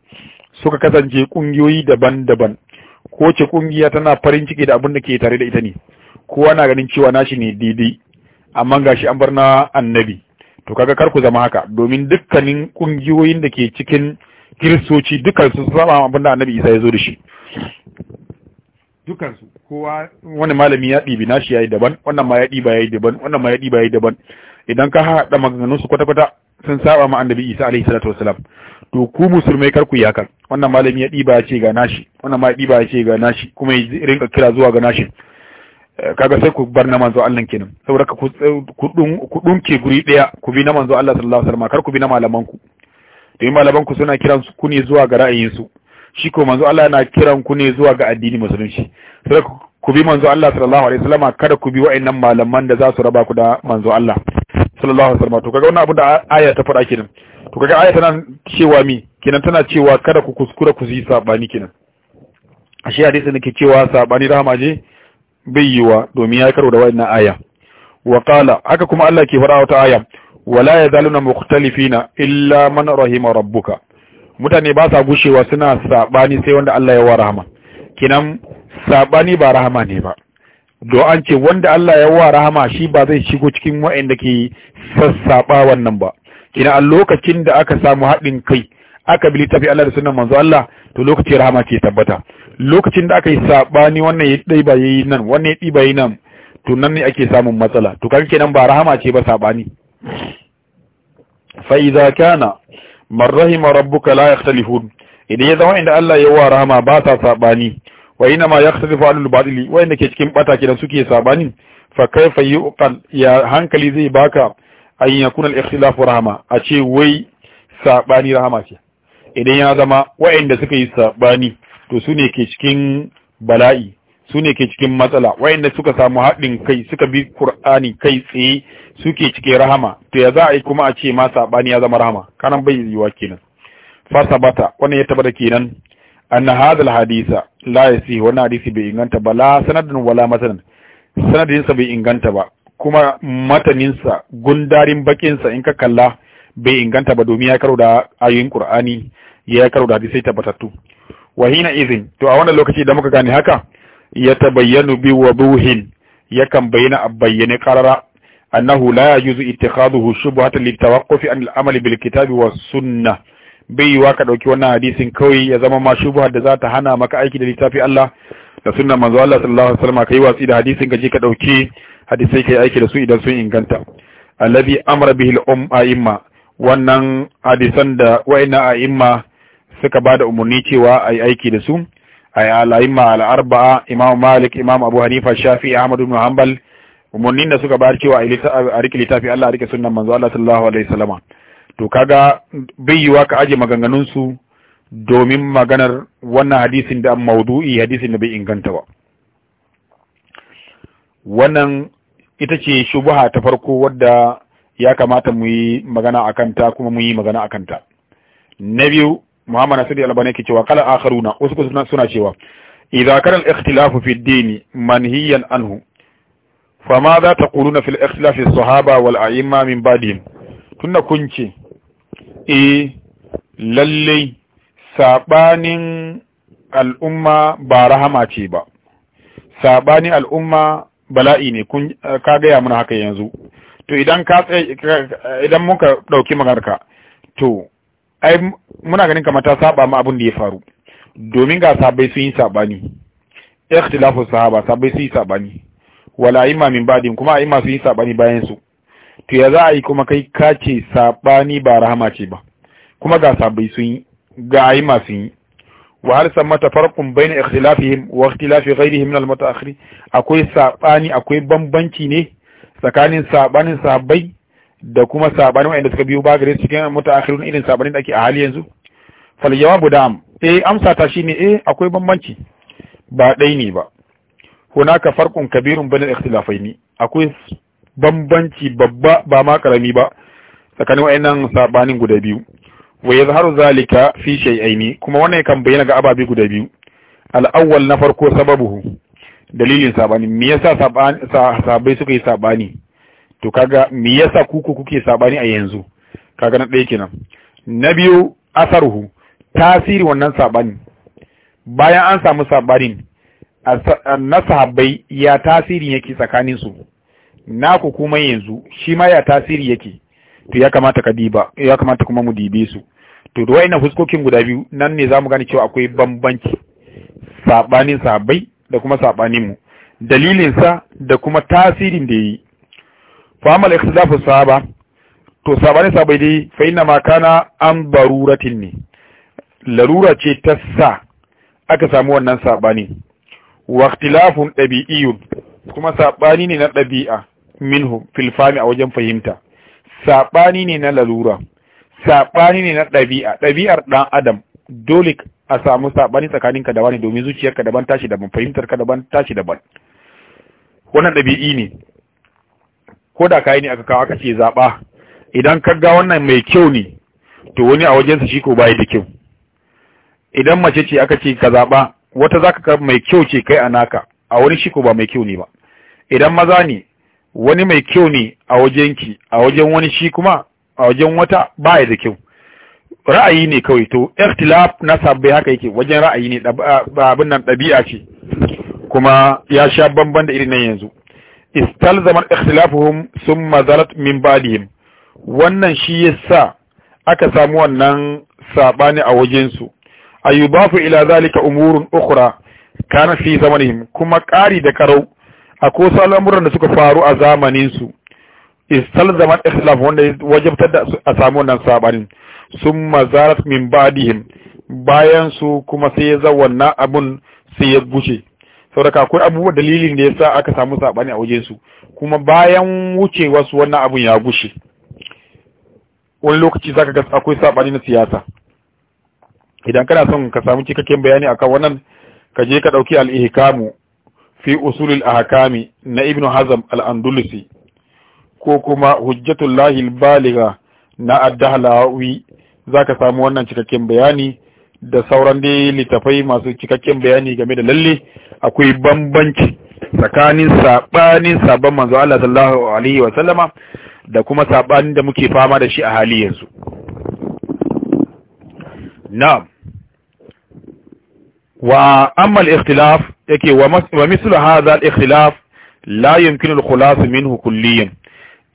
suka kasance kungiyoyi daban-daban ko ce kungiya tana farin ciki da abin da ke tare da ita ne kowa na ganin cewa nashi ne daidai amma gashi an bar na annabi to kaga kar ku zama haka domin dukkanin kungiyoyin da ke cikin kiristoci dukkan su saba abin da annabi isa ya zo da shi su kowa wani malami ya ɗibi nashi yayi daban wannan ma ya ɗiba yayi daban wannan ma ya ɗiba yayi daban idan ka haɗa maganganun su kwata-kwata sun saba ma annabi Isa alaihi salatu wasalam to ku musulmai kar ku yi hakan. wannan malami ya ɗiba ya ce ga nashi wannan ma ya ɗiba ya ce ga nashi kuma ya rinka kira zuwa ga nashi eh, kaga sai ku bar na manzo Allah kenan saboda ka ku dunke guri daya ku bi na manzo Allah sallallahu alaihi wasallam kar ku bi na malaman ku domin malaman ku suna kiran ku ne zuwa ga ra'ayin su shi ko manzo Allah yana kiran ku ne zuwa ga addini musulunci sai ku bi manzo Allah sallallahu alaihi wasallam kada ku bi wa'annan malaman da za su raba ku da manzo Allah sallallahu alaihi wasallam to kaga wannan abu da aya ta faɗa kenan to kaga aya tana cewa mi Kinan tana cewa kada ku kuskura ku yi sabani kenan ashe hadisi ke cewa sabani rahama je bai yiwa domin ya karo da wannan aya wa qala haka kuma Allah ke fara wata aya wala yazaluna mukhtalifina illa man rahima rabbuka mutane ba sa gushewa suna sabani sai wanda Allah ya wa rahama kenan sabani ba rahama ne ba do an ce wanda Allah ya wa rahama shi ba zai shigo cikin wa'anda ke sassaba wannan ba kina a lokacin da aka samu haɗin kai aka bi littafi Allah da sunan manzo Allah to lokaci rahama ke tabbata lokacin da aka yi sabani wannan ya ɗiba yayi nan wannan ya ɗiba yayi nan to nan ne ake samun matsala to kaga kenan ba rahama ce ba sabani fa idza kana man rahima rabbuka la yakhtalifun idan ya zama inda Allah ya wa rahama ba sa sabani wa ina ma yakhtalifu alul batili wa inda ke cikin bata kenan suke sabani fa kaifa yuqal ya hankali zai baka an yakuna al-ikhtilafu rahama a ce wai sabani rahama ce idan ya zama wa'inda suka yi sabani to su ne ke cikin bala'i su ne ke cikin matsala Wa'inda suka samu haɗin kai suka bi Kur'ani kai tsaye suke cikin rahama to ya za a yi kuma a ce ma sabani ya zama rahama kanan bai yiwa kenan fa sabata wannan ya tabbata kenan na hadha hadisa la yasi wannan hadisi bai inganta ba la sanadin wala matanan sanadinsa bai inganta ba kuma mataninsa gundarin bakinsa in ka kalla bai inganta ba domin ya karo da ayoyin Qur'ani ya karo da hadisai tabbatattu wa hina izin to a wannan lokaci da muka gane haka ya tabayyanu bi waduhin yakan bayyana a bayyane karara annahu la yajuzu ittikhaduhu shubhatan litawaqqufi an al-amal bil kitabi was sunnah bai ka dauki wannan hadisin kawai ya zama ma shubha da za ta hana maka aiki da littafi Allah da sunna manzo Allah sallallahu alaihi wasallam kai watsi da hadisin gaji ka dauki hadisai kai aiki da su idan sun inganta alladhi amara bihi al-umma wannan hadisan da wa'ina a'imma suka da umarni cewa a yi aiki da su a yi al'aimma al'arba'a imam malik imam abu hanifa shafi ahmadu ibn hanbal umarnin da suka bayar cewa a rike littafi allah a rike sunan manzo allah sallallahu alaihi wasallama to kaga bai yiwa ka aje maganganun su domin maganar wannan hadisin da maudu'i hadisin da bai inganta ba wannan ita ce shubuha ta farko wadda ya kamata mu yi magana a kanta kuma mu yi magana a kanta na biyu muhammad nasir al-albani ke cewa kala akharuna wasu suna cewa idza kana al-ikhtilafu fi ad manhiyan anhu fama za ta kuluna fil ikhtilafi sahaba wal a'imma min ba'dihim tunda kun ce e. lalle sabanin al'umma ba rahama ce ba sabanin al'umma bala'i ne kun ka gaya mana haka yanzu to idan ka idan muka dauki maganarka to ai muna ganin kamar ta saba ma abin da ya faru domin ga sabai sun yi sabani ikhtilafu sahaba sabai sun yi sabani wala imma min ba'din kuma imma sun yi sabani bayan su to ya za a yi kuma kai ka ce sabani ba rahama ce ba kuma ga sabai sun yi ga imma sun yi wa hal sammata farqun bayna ikhtilafihim wa ikhtilafi ghayrihim min al-mutaakhirin akwai sabani akwai bambanci ne tsakanin sabanin sabai da kuma sabanin wanda suka biyo bagare cikin mutaakhirun irin sabanin da ake a hali yanzu fal jawabu am. eh amsa ta shine eh akwai bambanci ba dai ne ba hunaka farqun kabirun bainal ikhtilafaini akwai bambanci babba ba ma karami ba tsakanin nan sabanin guda biyu wa yazharu zalika fi shay'aini kuma wannan kan bayyana ga ababe guda biyu al na farko sababuhu dalilin sabani me yasa sabai suka yi sabani to kaga me yasa kuku kuke sabani a yanzu kaga na ɗaya kenan na biyu asaruhu tasiri wannan sabani bayan an samu sabarin na sahabbai ya tasiri yake tsakanin su naku kuma yanzu shi ma ya tasiri yake to ya kamata ka diba ya kamata kuma mu dibe su to da wayannan fuskokin guda biyu nan ne zamu gane cewa akwai bambanci sabanin sahabbai da kuma sabanin mu dalilin sa da kuma tasirin da yi fa amal ikhtilafu sahaba to sabani sabai dai fa inna ma kana an daruratin ne larura ce ta sa aka sami wannan sabani wa ikhtilafun dabi'iyyun kuma sabani ne na dabi'a minhu fil a wajen fahimta sabani ne na larura sabani ne na dabi'a dabi'ar dan adam dole a samu sabani tsakaninka da wani domin zuciyarka daban tashi daban fahimtarka daban tashi daban wannan dabi'i ne ko da kayi ne aka kawo aka ce zaɓa idan ka ga wannan mai kyau ne to wani a wajensa shi ko bayi da kyau idan mace ce aka ce ka zaɓa wata za ka mai kyau ce kai a naka a wani shi ko ba mai kyau ne ba idan maza ne wani mai kyau ne a wajenki a wajen wani shi kuma a wajen wata baya da kyau ra'ayi ne kawai to ikhtilaf na sabbai haka yake wajen ra'ayi ne abin nan ɗabi'a ce kuma ya sha bamban da irin nan yanzu istalzama ikhtilafuhum sun zalat min ba'dihim wannan shi yasa aka samu wannan sabani a wajen su ayubafu ila zalika umurun ukhra kana fi zamanihim kuma qari da karau akwai salamuran da suka faru a zamanin su istalzama ikhlaf wanda wajabtar da a samu wannan sabani summa zarat min ba'dihim bayan su kuma sai ya zawanna abun sai ya gushe saboda akwai abubuwa dalilin da yasa aka samu sabani a wajen su kuma bayan wuce wasu wannan abun ya gushe wani lokaci zaka ga akwai sabani na siyasa idan kana son ka samu cikakken bayani akan wannan ka je ka ɗauki al fi usulil ahkami na ibnu hazam al-andalusi ko kuma hujjatullahi al-baligha na ad-dahlawi zaka samu wannan cikakken bayani da sauran dai littafai masu cikakken bayani game da lalle akwai bambanci tsakanin sabanin sabon manzo Allah sallallahu alaihi wa sallama da kuma sabanin da muke fama da shi a hali yanzu na'am wa amma al-ikhtilaf yake wa mislu hadha al-ikhtilaf la yumkinu al-khulas minhu kulliyan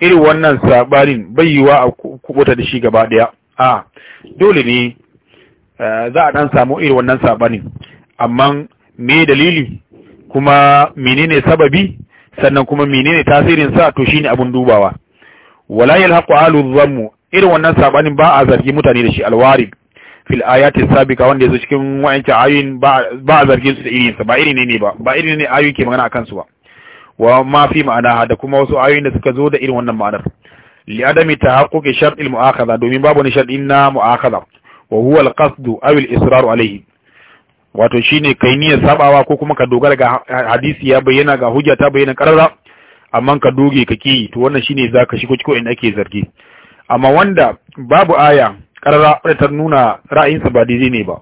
irin wannan sabanin bai yiwa a kubuta da shi gaba daya a dole ne eh, za a dan samu irin wannan sabanin amma me dalili kuma menene sababi sannan kuma menene tasirin sa to shine abun dubawa wala yalhaqu alu dhammu irin wannan sabanin ba a zargi mutane da shi alwari fil ayati sabiqa wanda yazo cikin wayancin ayoyin ba a zargin su da irin sa ba irin ne ba ba irin ne ke magana akan su ba wa ma fi ma'ana da kuma wasu ayoyin da suka zo da irin wannan ma'anar li adami tahaqquqi shart al mu'akhadha domin babu ne shartin na mu'akhadha wa huwa al qasd aw al alayhi wato shine kai niyyar sabawa ko kuma ka dogara ga hadisi ya bayyana ga hujja ta bayyana karara amma ka doge ka ki to wannan shine ka shigo ciko in ake zargi amma wanda babu aya karara wanda ta nuna ra'ayinsa ba daidai ne ba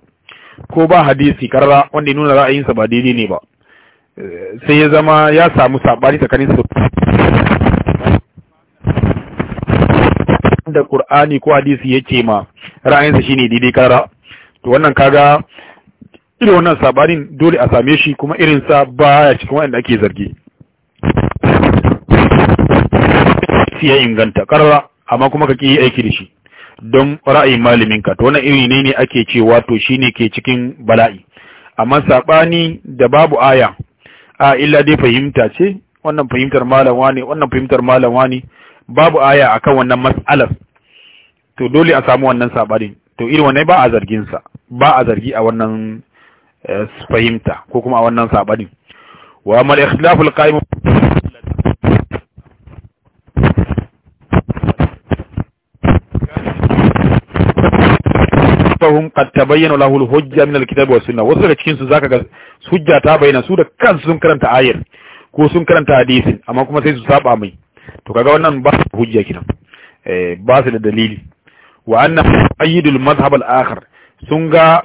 ko ba hadisi karara wanda ya nuna ra'ayinsa ba daidai ne ba sai ya zama ya samu sabani tsakanin su da Qur'ani ko hadisi yake ma ra'ayinsa shine daidai karara to wannan kaga irin wannan sabanin dole a same shi kuma irin sa baya cikin wanda ake zargi ya inganta karra amma kuma ka ki aiki da shi don ra'ayin malaminka to wannan iri ne ne ake cewa to shine ke cikin bala'i amma sabani da babu aya a illa dai fahimta ce wannan fahimtar malamwa ne wannan fahimtar malama ne babu aya akan wannan mas'alar to dole a samu wannan sabanin to irin wannan ba a zargin sa ba a zargi a wannan Eh, fahimta ko kuma a wannan sabanin wa amal ikhtilaful qaim fahum qad tabayyana lahu al-hujja min al-kitab wa sunnah wasu daga cikin su zaka ga hujja ta bayyana su da kansu sun karanta ayar ko sun karanta hadisin amma kuma sai su saba mai to kaga wannan ba hujja kinan eh ba su da dalili wa anna ayyidul madhhab al-akhar sun ga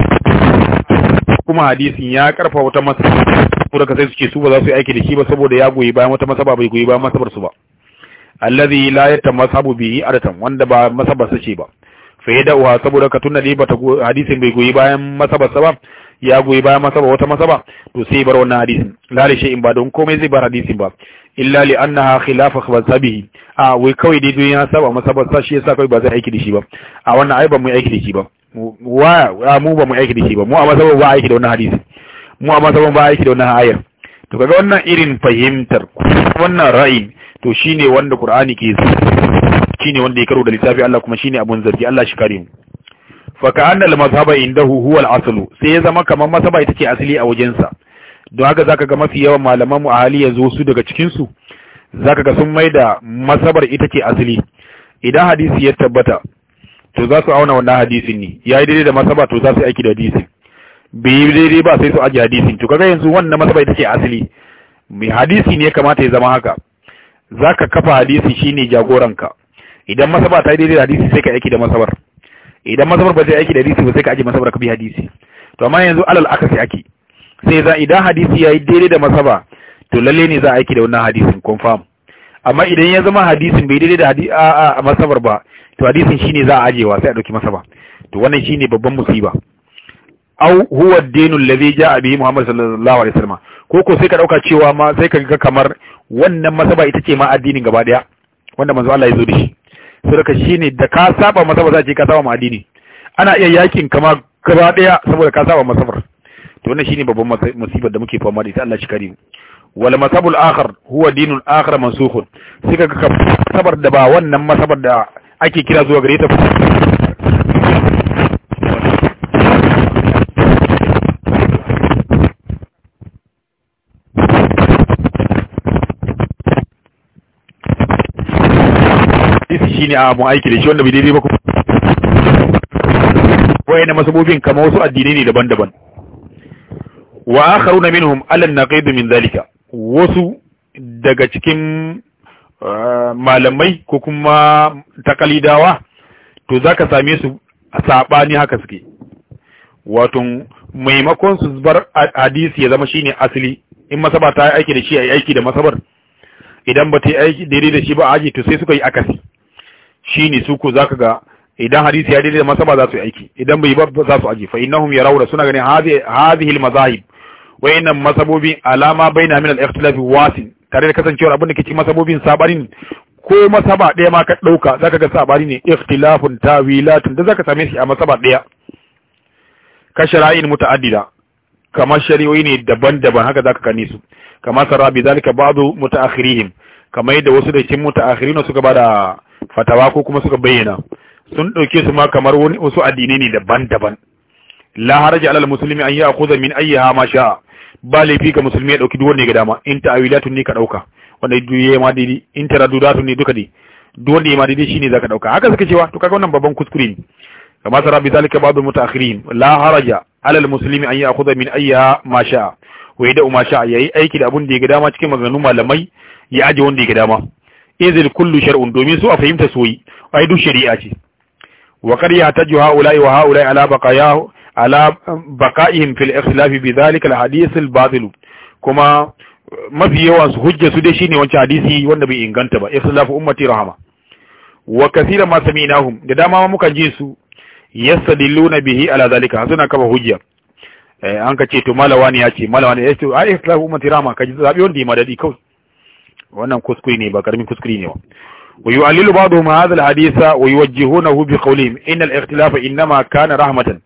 kuma hadisin ya karfa wata masaba saboda sai suke su ba za su yi aiki da shi ba saboda ya goyi bayan wata masaba bai goyi bayan masabar su ba allazi la masabu bi aratan wanda ba ba su ce ba fa yada wa saboda ka tunna bata hadisin bai goyi bayan masabar sa ba ya goyi bayan masaba wata masaba to sai bar wannan hadisin la li in ba don komai zai bar hadisin ba illa li annaha khilafa khabasabihi a wai kawai dai duniya saba masabar sa shi yasa kawai ba zai aiki da shi ba a wannan ai ba mu aiki da shi ba wa mu ba mu aiki da shi ba mu a masabon ba aiki da wannan hadisi mu a masabon ba aiki da wannan ayar to kaga wannan irin fahimtar wannan ra'ayi to shine wanda Qur'ani ke shine wanda ya karo da littafi Allah kuma shine abun zargi Allah shi kare mu fa ka'anna al-mazhaba indahu huwa al-aslu sai ya zama kamar masaba ita ce asali a wajensa don haka zaka ga mafi yawan malaman mu a hali yanzu su daga cikin su zaka ga sun maida masabar ita ce asali idan hadisi ya tabbata to za su auna wannan hadisin ne yayi daidai da masaba to za su aiki da hadisin bai daidai ba sai su aje hadisin to kaga yanzu wannan masaba ita ce asali mai hadisi ne kamata ya zama haka zaka kafa hadisi shine jagoranka idan masaba ta daidai da hadisi sai ka aiki da masabar idan masabar ba zai aiki da hadisi ba sai ka aje masabar ka bi hadisi to amma yanzu alal aka sai ake sai za idan hadisi yayi daidai da masaba to lalle ne za a aiki da wannan hadisin confirm amma idan ya zama hadisin bai daidai da a masabar ba to hadisin shine za a ajewa sai a dauki masa ba to wannan shine babban musiba au huwa ad-dinu alladhi ja'a bihi Muhammad sallallahu alaihi wasallam ko ko sai ka dauka cewa ma sai ka ga kamar wannan masaba ita ce ma addinin gaba daya wanda manzo Allah ya zo da shi sadaka shine da ka saba masaba za ce ka saba ma addini ana iya yakin kama gaba daya saboda ka saba masabar to wannan shine babban musibar da muke fama da ita Allah shi karimu wal masabul akhar huwa dinul akhar mansukh sai ka ga sabar da ba wannan masabar da ake kira zuwa gare ta ne a mu aiki da shi wanda bai daidai ba kuma wayannan masabobin kamar wasu addinai ne daban-daban wa akharuna minhum ala naqid min zalika wasu daga cikin malamai ko kuma takalidawa to za ka same su a sabani haka suke wato maimakon su bar hadisi ya zama shine asali in masaba ta aiki da shi yi aiki da masabar idan ba ta yi aiki daidai da shi ba a aji to sai suka yi akasi Shi ne su ko zaka ga idan hadisi ya daidai da masaba za su yi aiki idan bai ba za su aji fa innahum yarawna suna ganin hadhihi al-mazahib wayannan masabobi alama baina min al-ikhtilaf wasin tare da kasancewar abin da ke cikin masabobin sabani ko masaba ɗaya ma ka ɗauka Za ka ga sabari ne ikhtilafun tawilatun da ka same shi a masaba ɗaya ka shara'in muta'addida kamar shari'o'i ne daban-daban haka za ka kani su kamar sarra bi zalika ba'du muta'akhirihim kamar yadda wasu da cikin muta'akhirina suka bada fatawa ko kuma suka bayyana sun dauke su ma kamar wani wasu addinai ne daban-daban la haraja alal muslimi an ya'khudha min ayyiha ma sha'a ba laifi ga musulmi ya dauki duk wanda ya ga dama in ta'awilatun ne ka dauka wanda ya ma didi in taradudatun ne duka dai duk wanda ya ma dai shine zaka dauka haka suka cewa to kaga wannan babban kuskure ne kama sara bi zalika ba'd mutaakhirin la haraja ala almuslimi an ya'khudha min ayya ma sha'a wa yada'u ma sha'a yayi aiki da abun da ya ga dama cikin maganganun malamai ya aje wanda ya ga dama izil kullu shar'un domin su a fahimta soyi ai duk shari'a ce wa qad yataju haula'i wa haula'i ala baqayahu ala baka'ihim fil ikhlaf bi dhalika al hadith al batil kuma mafi yawan su hujja su dai shine wancan hadisi wanda bai inganta ba ikhlaf ummati rahama wa kathira ma saminahum da dama muka ji su yastadilluna bihi ala dhalika suna kaba hujja eh, an ka ce to malawani ya ce malawani ya ce ai ikhlaf ummati rahama ka ji zabi wanda ya madadi kawai wannan kuskure ne ba karamin kuskure ne ba ويعلل بعضهم هذا الحديث ويوجهونه بقولهم إن الاختلاف إنما كان رحمة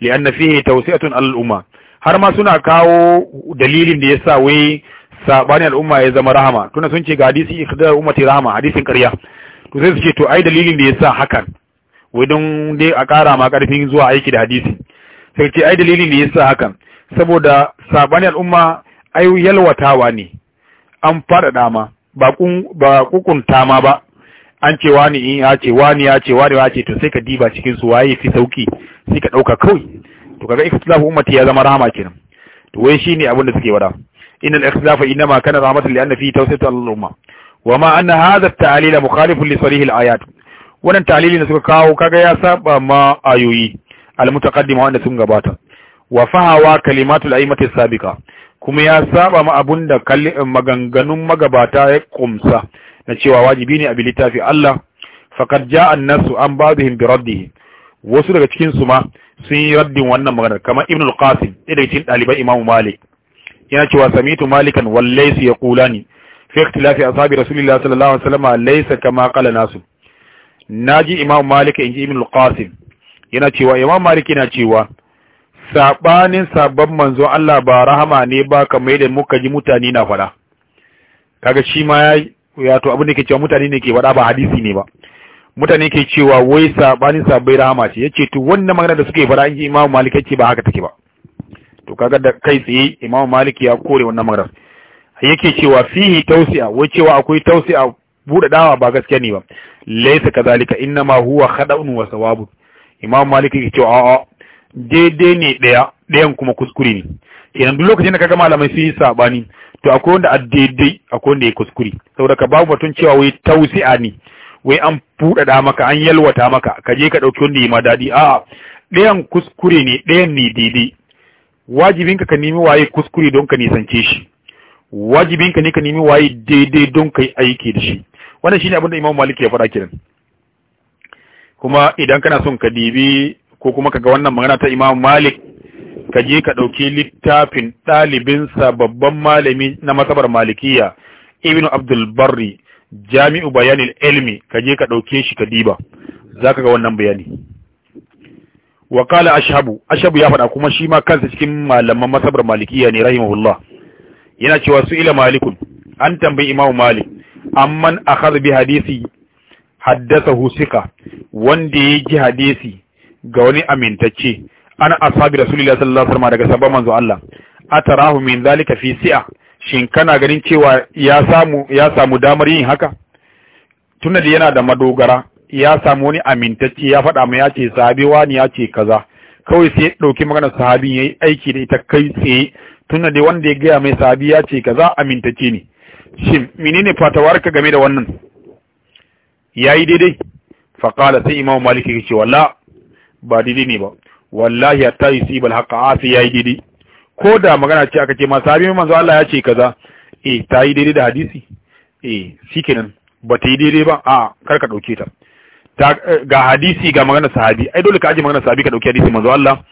li'anna fihi tun al'umma har ma suna kawo dalilin da sa, wai sabani al'umma ya zama rahama Tuna sun ce ga hadisi ikhdar ummati rahama hadisin ƙarya to sai su ce to ai dalilin da sa hakan wai don dai a ƙara ma ƙarfin zuwa aiki da hadisi sai ce ai dalilin da yasa hakan saboda sabani al'umma ai yalwatawa ne an faɗaɗa ma ba kukunta ma ba an ce wani in ya ce wani ya ce wani ya ce to sai ka diba cikin su waye fi sauki sai ka dauka kawai to kaga ikhtilafu ummati ya zama rahama kenan to wai shine abin da suke wada innal ikhtilafa inma kana rahmatan li anna fi tawsita al umma wa ma anna hadha at-ta'lil mukhalifun li sarih al-ayat wannan ta'lili da suka kawo kaga ya saba ma ayoyi al-mutaqaddima wanda sun gabata wa fahawa kalimatul aimati sabiqa kuma ya saba ma abunda maganganun magabata ya kumsa na cewa wajibi ne a bi littafi Allah faqad ja'a an-nasu an ba'dihim bi raddihi wasu daga cikin su ma sun yi raddin wannan magana. kamar Ibn al-Qasim da cikin daliban Imam Malik yana cewa samitu malikan wallaysa yaqulani fi ikhtilafi ashabi rasulillah sallallahu alaihi wasallam laysa kama qala nasu naji Imam Malik inji Ibn al-Qasim yana cewa Imam Malik yana cewa sabanin sabon manzo Allah ba rahama ne ba kamar yadda muka ji mutane na fada kaga shi ma ya to abin da ke cewa mutane ne ke faɗa ba hadisi ne ba mutane ke cewa wai sabanin sabai rahama ce yace to wannan magana da suke fara inji Imam Malik yake ba haka take ba to kaga da kai tsaye Imam Malik ya kore wannan magana yake cewa fihi tausi'a wai cewa akwai tausi'a dawa ba gaskiya ne ba laysa kazalika innama huwa khada'un wa sawabu Imam Malik yake cewa a'a daidai ne daya dayan kuma kuskure ne kenan duk lokacin da kaga malamai su yi sabani to akwai wanda a daidai akwai wanda ya kuskure saboda ka babu batun cewa wai tausi'a ne wai an fuɗaɗa maka an yalwata maka ka je ka dauki wanda ya ma daɗi a'a ɗayan kuskure ne ɗayan ne daidai wajibinka ka nemi waye kuskure don ka nisance shi wajibinka ne ka nemi waye daidai don ka yi aiki da shi wannan shine abin da Imam Malik ya faɗa kiran kuma idan kana son ka dibi ko kuma kaga wannan magana ta Imam Malik ka je ka ɗauki littafin ɗalibinsa babban malami na masabar malikiya ibn abdul barri jami'u bayanin ilmi ka je ka ɗauke shi ka diba za ka ga wannan bayani wakala ashabu ashabu ya faɗa kuma shi ma kansa cikin malaman masabar malikiya ne rahimahullah yana cewa su ila malikun an tambayi imamu malik amman akhadha bi hadisi haddasa husika, wanda ya ji hadisi ga wani amintacce ana ashabi rasulullahi sallallahu alaihi wasallam daga sabon manzo Allah atarahu min zalika fi si'a shin kana ganin cewa ya samu ya samu damar yin haka tunda da yana da madogara ya samu wani amintacce ya faɗa mai ya ce sahabi wani ya ce kaza kawai sai ɗauki maganar sahabin ya aiki da ita kai tsaye tunda da wanda ya gaya mai sahabi ya ce kaza amintacce ne shin menene fatawarka game da wannan yayi daidai faqala sai imamu maliki ya ce, ba daidai ne ba wallahi hatta yusibal haqa afi yayi ko da magana ce aka ce ma mai manzo Allah ya ce kaza eh ta yi daidai da hadisi eh shikenan ba ta yi daidai ba a kar ka dauke ta eh, ga hadisi ga magana sahabi ai dole ka aje magana sahabi ka dauki hadisi manzo Allah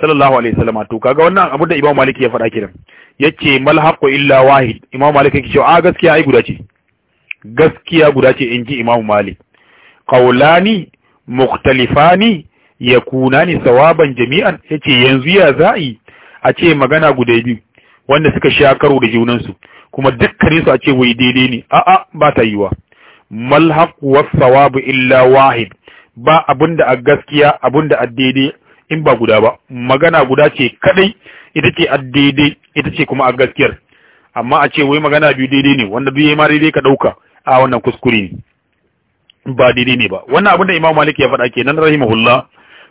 sallallahu alaihi wasallam to kaga wannan abu da Imam Malik ya faɗa kiran yace mal haqqu illa wahid Imam Malik yake cewa a gaskiya ai guda ce gaskiya guda ce inji Imam Malik qawlani mukhtalifani ya kuna ni sawaban jami'an ce yanzu ya za'i a ce magana guda biyu wanda suka sha karo da junansu kuma dukkanin su a ce wai daidai ne a'a ba ta yi mal haqq was sawabu illa wahid ba abinda a gaskiya abinda a daidai in ba guda ba magana guda ce kadai ita ce a daidai ita ce kuma a gaskiyar amma a ce wai magana biyu daidai ne wanda duk yayi ma daidai ka dauka a wannan kuskure ne ba daidai ne ba wannan abin da Imam Malik ya faɗa kenan rahimahullah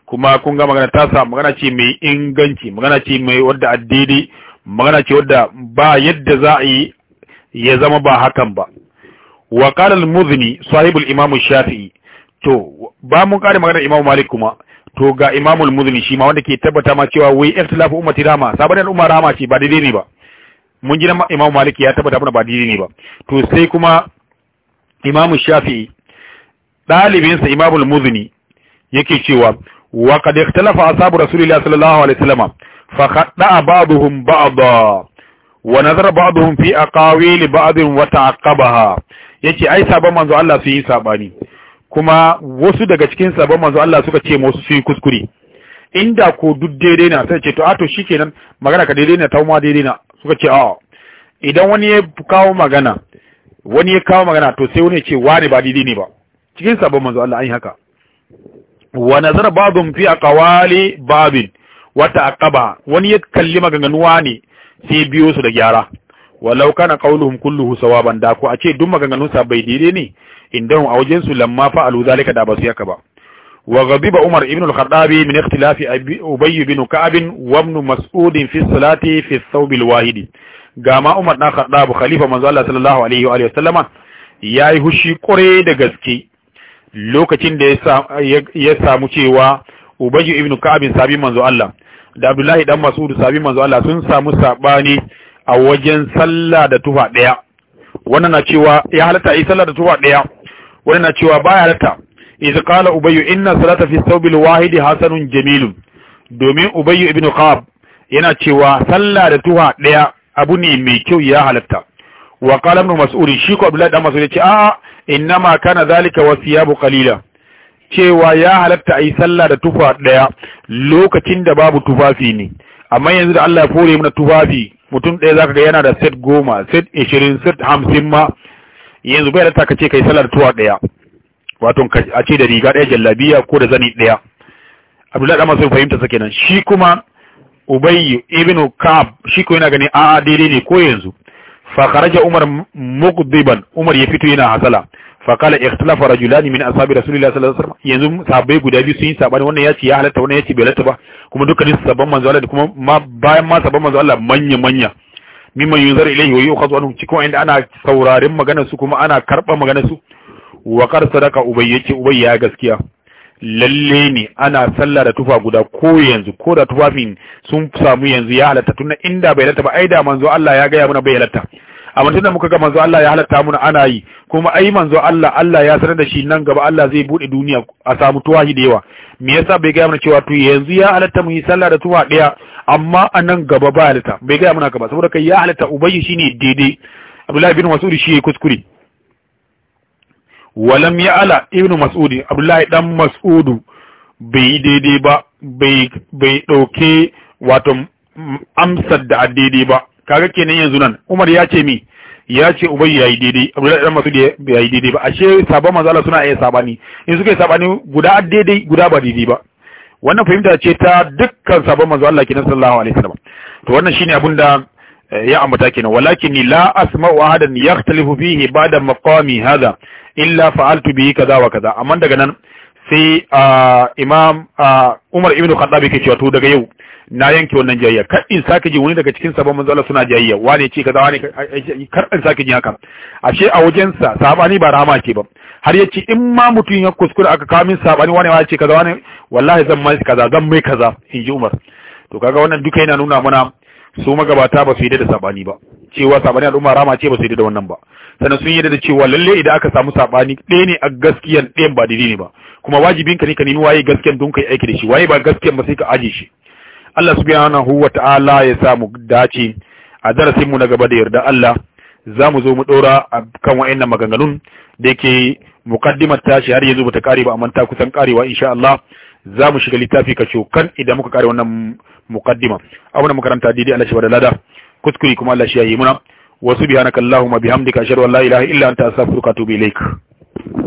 kuma kun ga magana ta sa magana ce mai inganci magana ce mai wadda addini magana ce wadda ba yadda za a yi ya zama ba hakan ba wa qala al-muzni sahibul imam shafi'i to ba mun kare magana imam malik kuma to ga imam al-muzni shi ma wanda ke tabbata ma cewa wai ikhtilafu ummati rama sabani al-umma rama ce ba daidai ne ba mun ji imam malik ya tabbata mana ba daidai ne ba to sai kuma imam shafi'i dalibinsa imam al-muzni yake cewa وقد اختلف ikhtalafa رسول الله sallallahu alaihi عليه fa khadda بعضهم بعضا wa بعضهم في fi بعض وتعقبها wa ta'aqqabaha yace ai sabon manzo Allah كما yi sabani kuma wasu daga cikin sabon manzo Allah suka ce musu su yi kuskure inda ko duk daidai na sai ce to ato shikenan magana ka daidai na tauma daidai na suka ce a idan wani ya kawo magana wani ya kawo magana to sai wani ya ce wani ba ne ba cikin sabon manzo Allah an yi haka wa nazar ba'dhum fi aqwali babin wata aqaba wani ya kalli maganganuwa ne sai biyo su da gyara walau kana qauluhum kulluhu sawaban da ko a ce duk maganganun sa bai daidai ne indahum a wajen su lamma fa'alu zalika da basu yaka ba wa ghadiba umar ibn al-khattabi min ikhtilafi ubay ibn ka'ab wa ibn mas'ud fi salati fi thawb al umar dan khattab khalifa manzo Allah sallallahu alaihi wa yayi hushi kore da gaske lokacin da ya samu cewa ubangi ibn Ka'abin sabi manzo Allah da Abdullahi dan Mas'udu sabi manzo Allah sun samu sabani a wajen sallah da tufa daya wannan na cewa ya halatta yi sallah da tufa daya wannan na cewa baya halatta idza qala Ubayyu inna salata fi thawbil wahid hasanun Jamilu, domin Ubayyu ibn Ka'ab yana cewa sallah da tufa daya abu ne mai kyau ya halatta wa qala ibn Mas'ud shi ko Abdullahi dan Mas'udu ya ce a'a innama kana zalika wa siyabu qalila cewa ya halatta a yi sallah da tufa daya lokacin da babu tufafi ne amma yanzu da Allah ya fore mana tufafi mutum daya zaka ga yana da set goma set 20 set hamsin ma yanzu bai da ka ce ka yi sallah da tufa daya wato a ce da riga daya jallabiya ko da zani daya abdullahi Amma sai fahimta sa kenan shi kuma ubayyu ibnu kab shi ko yana gani a'a daidai ne ko yanzu fa kharaja umar muqdiban umar ya fito yana hasala fa qala ikhtalafa rajulan min ashabi rasulillahi sallallahu alaihi wasallam yanzu sahabbai guda biyu sun yi sabani wannan yace ya halatta wannan yace bai halatta ba kuma dukkanin sabban manzo Allah da kuma bayan ma sabban manzo Allah manya manya mimman yunzar ilayhi wa yu'khadhu anhu cikin inda ana saurarin maganar su kuma ana karba maganar su wa qad sadaqa ubay yace ubay ya gaskiya lalle ne ana sallah da tufa guda ko yanzu ko da tufafin sun samu yanzu ya halatta tunda inda bai halatta ba ai da manzo Allah ya gaya mana bai amma tunda muka ga manzo Allah ya halatta mu ana yi kuma ai manzo Allah Allah ya sanar da shi nan gaba Allah zai bude duniya a samu tuwahi da yawa me yasa bai ga mana cewa to yanzu ya halatta mu yi sallah da tuwa daya amma a nan gaba ba halatta bai ga mana gaba saboda kai ya halatta ubayyi shine daidai Abdullahi bin Mas'ud shi yake kuskure walam ya ala ibnu Mas'ud Abdullahi dan Mas'ud bai daidai ba bai bai dauke wato amsar da daidai ba kaga kenan yanzu nan Umar ya ce mi ya ce ubai yayi daidai Abdullahi dan Mas'ud yayi daidai ba ashe sabon manzo Allah suna iya sabani in suka yi sabani guda daidai guda ba daidai ba wannan fahimta ce ta dukkan sabon manzo Allah kenan sallallahu alaihi wasallam to wannan shine abinda eh, ya ambata kenan walakinni la asma'u ahadan yakhtalifu fihi ba'da maqami hadha illa fa'altu bihi kaza wa kaza amma daga nan sai ah, imam ah, Umar ibn Khattab yake cewa to daga yau na yanke wannan jayayya kar in sake ji wani daga cikin sabon manzo Allah suna jayayya wane ce kaza wane kar in sake ji haka ashe a wajen sa sabani ba rama ce ba har yace in ma mutun ya kuskure aka kawo min sabani wane ya ce kaza wane wallahi zan mai kaza zan mai kaza in ji Umar to kaga wannan duka yana nuna mana su magabata ba su yi da sabani ba cewa sabani al'umma rama ce ba su yi da wannan ba sannan sun yi da cewa lalle idan aka samu sabani ɗaya ne a gaskiyan ɗayan ba daidai ne ba kuma wajibinka ne ka nemi waye gaskiyan don kai aiki da shi waye ba gaskiyan ba sai ka aje shi Allah subhanahu wa ta'ala ya samu dace a darasin mu na gaba da yarda Allah za mu zo mu ɗora a kan wa'annan maganganun da yake mukaddimar tashi har yanzu bata kare ba amma ta kusan karewa insha Allah za mu shiga littafi ka kan idan muka kare wannan mukaddima abuna makaranta daidai Allah shi da lada kuskuri kuma Allah shi ya yi muna wa subhanaka allahumma bihamdika ashhadu an la ilaha illa anta astaghfiruka wa atubu ilaik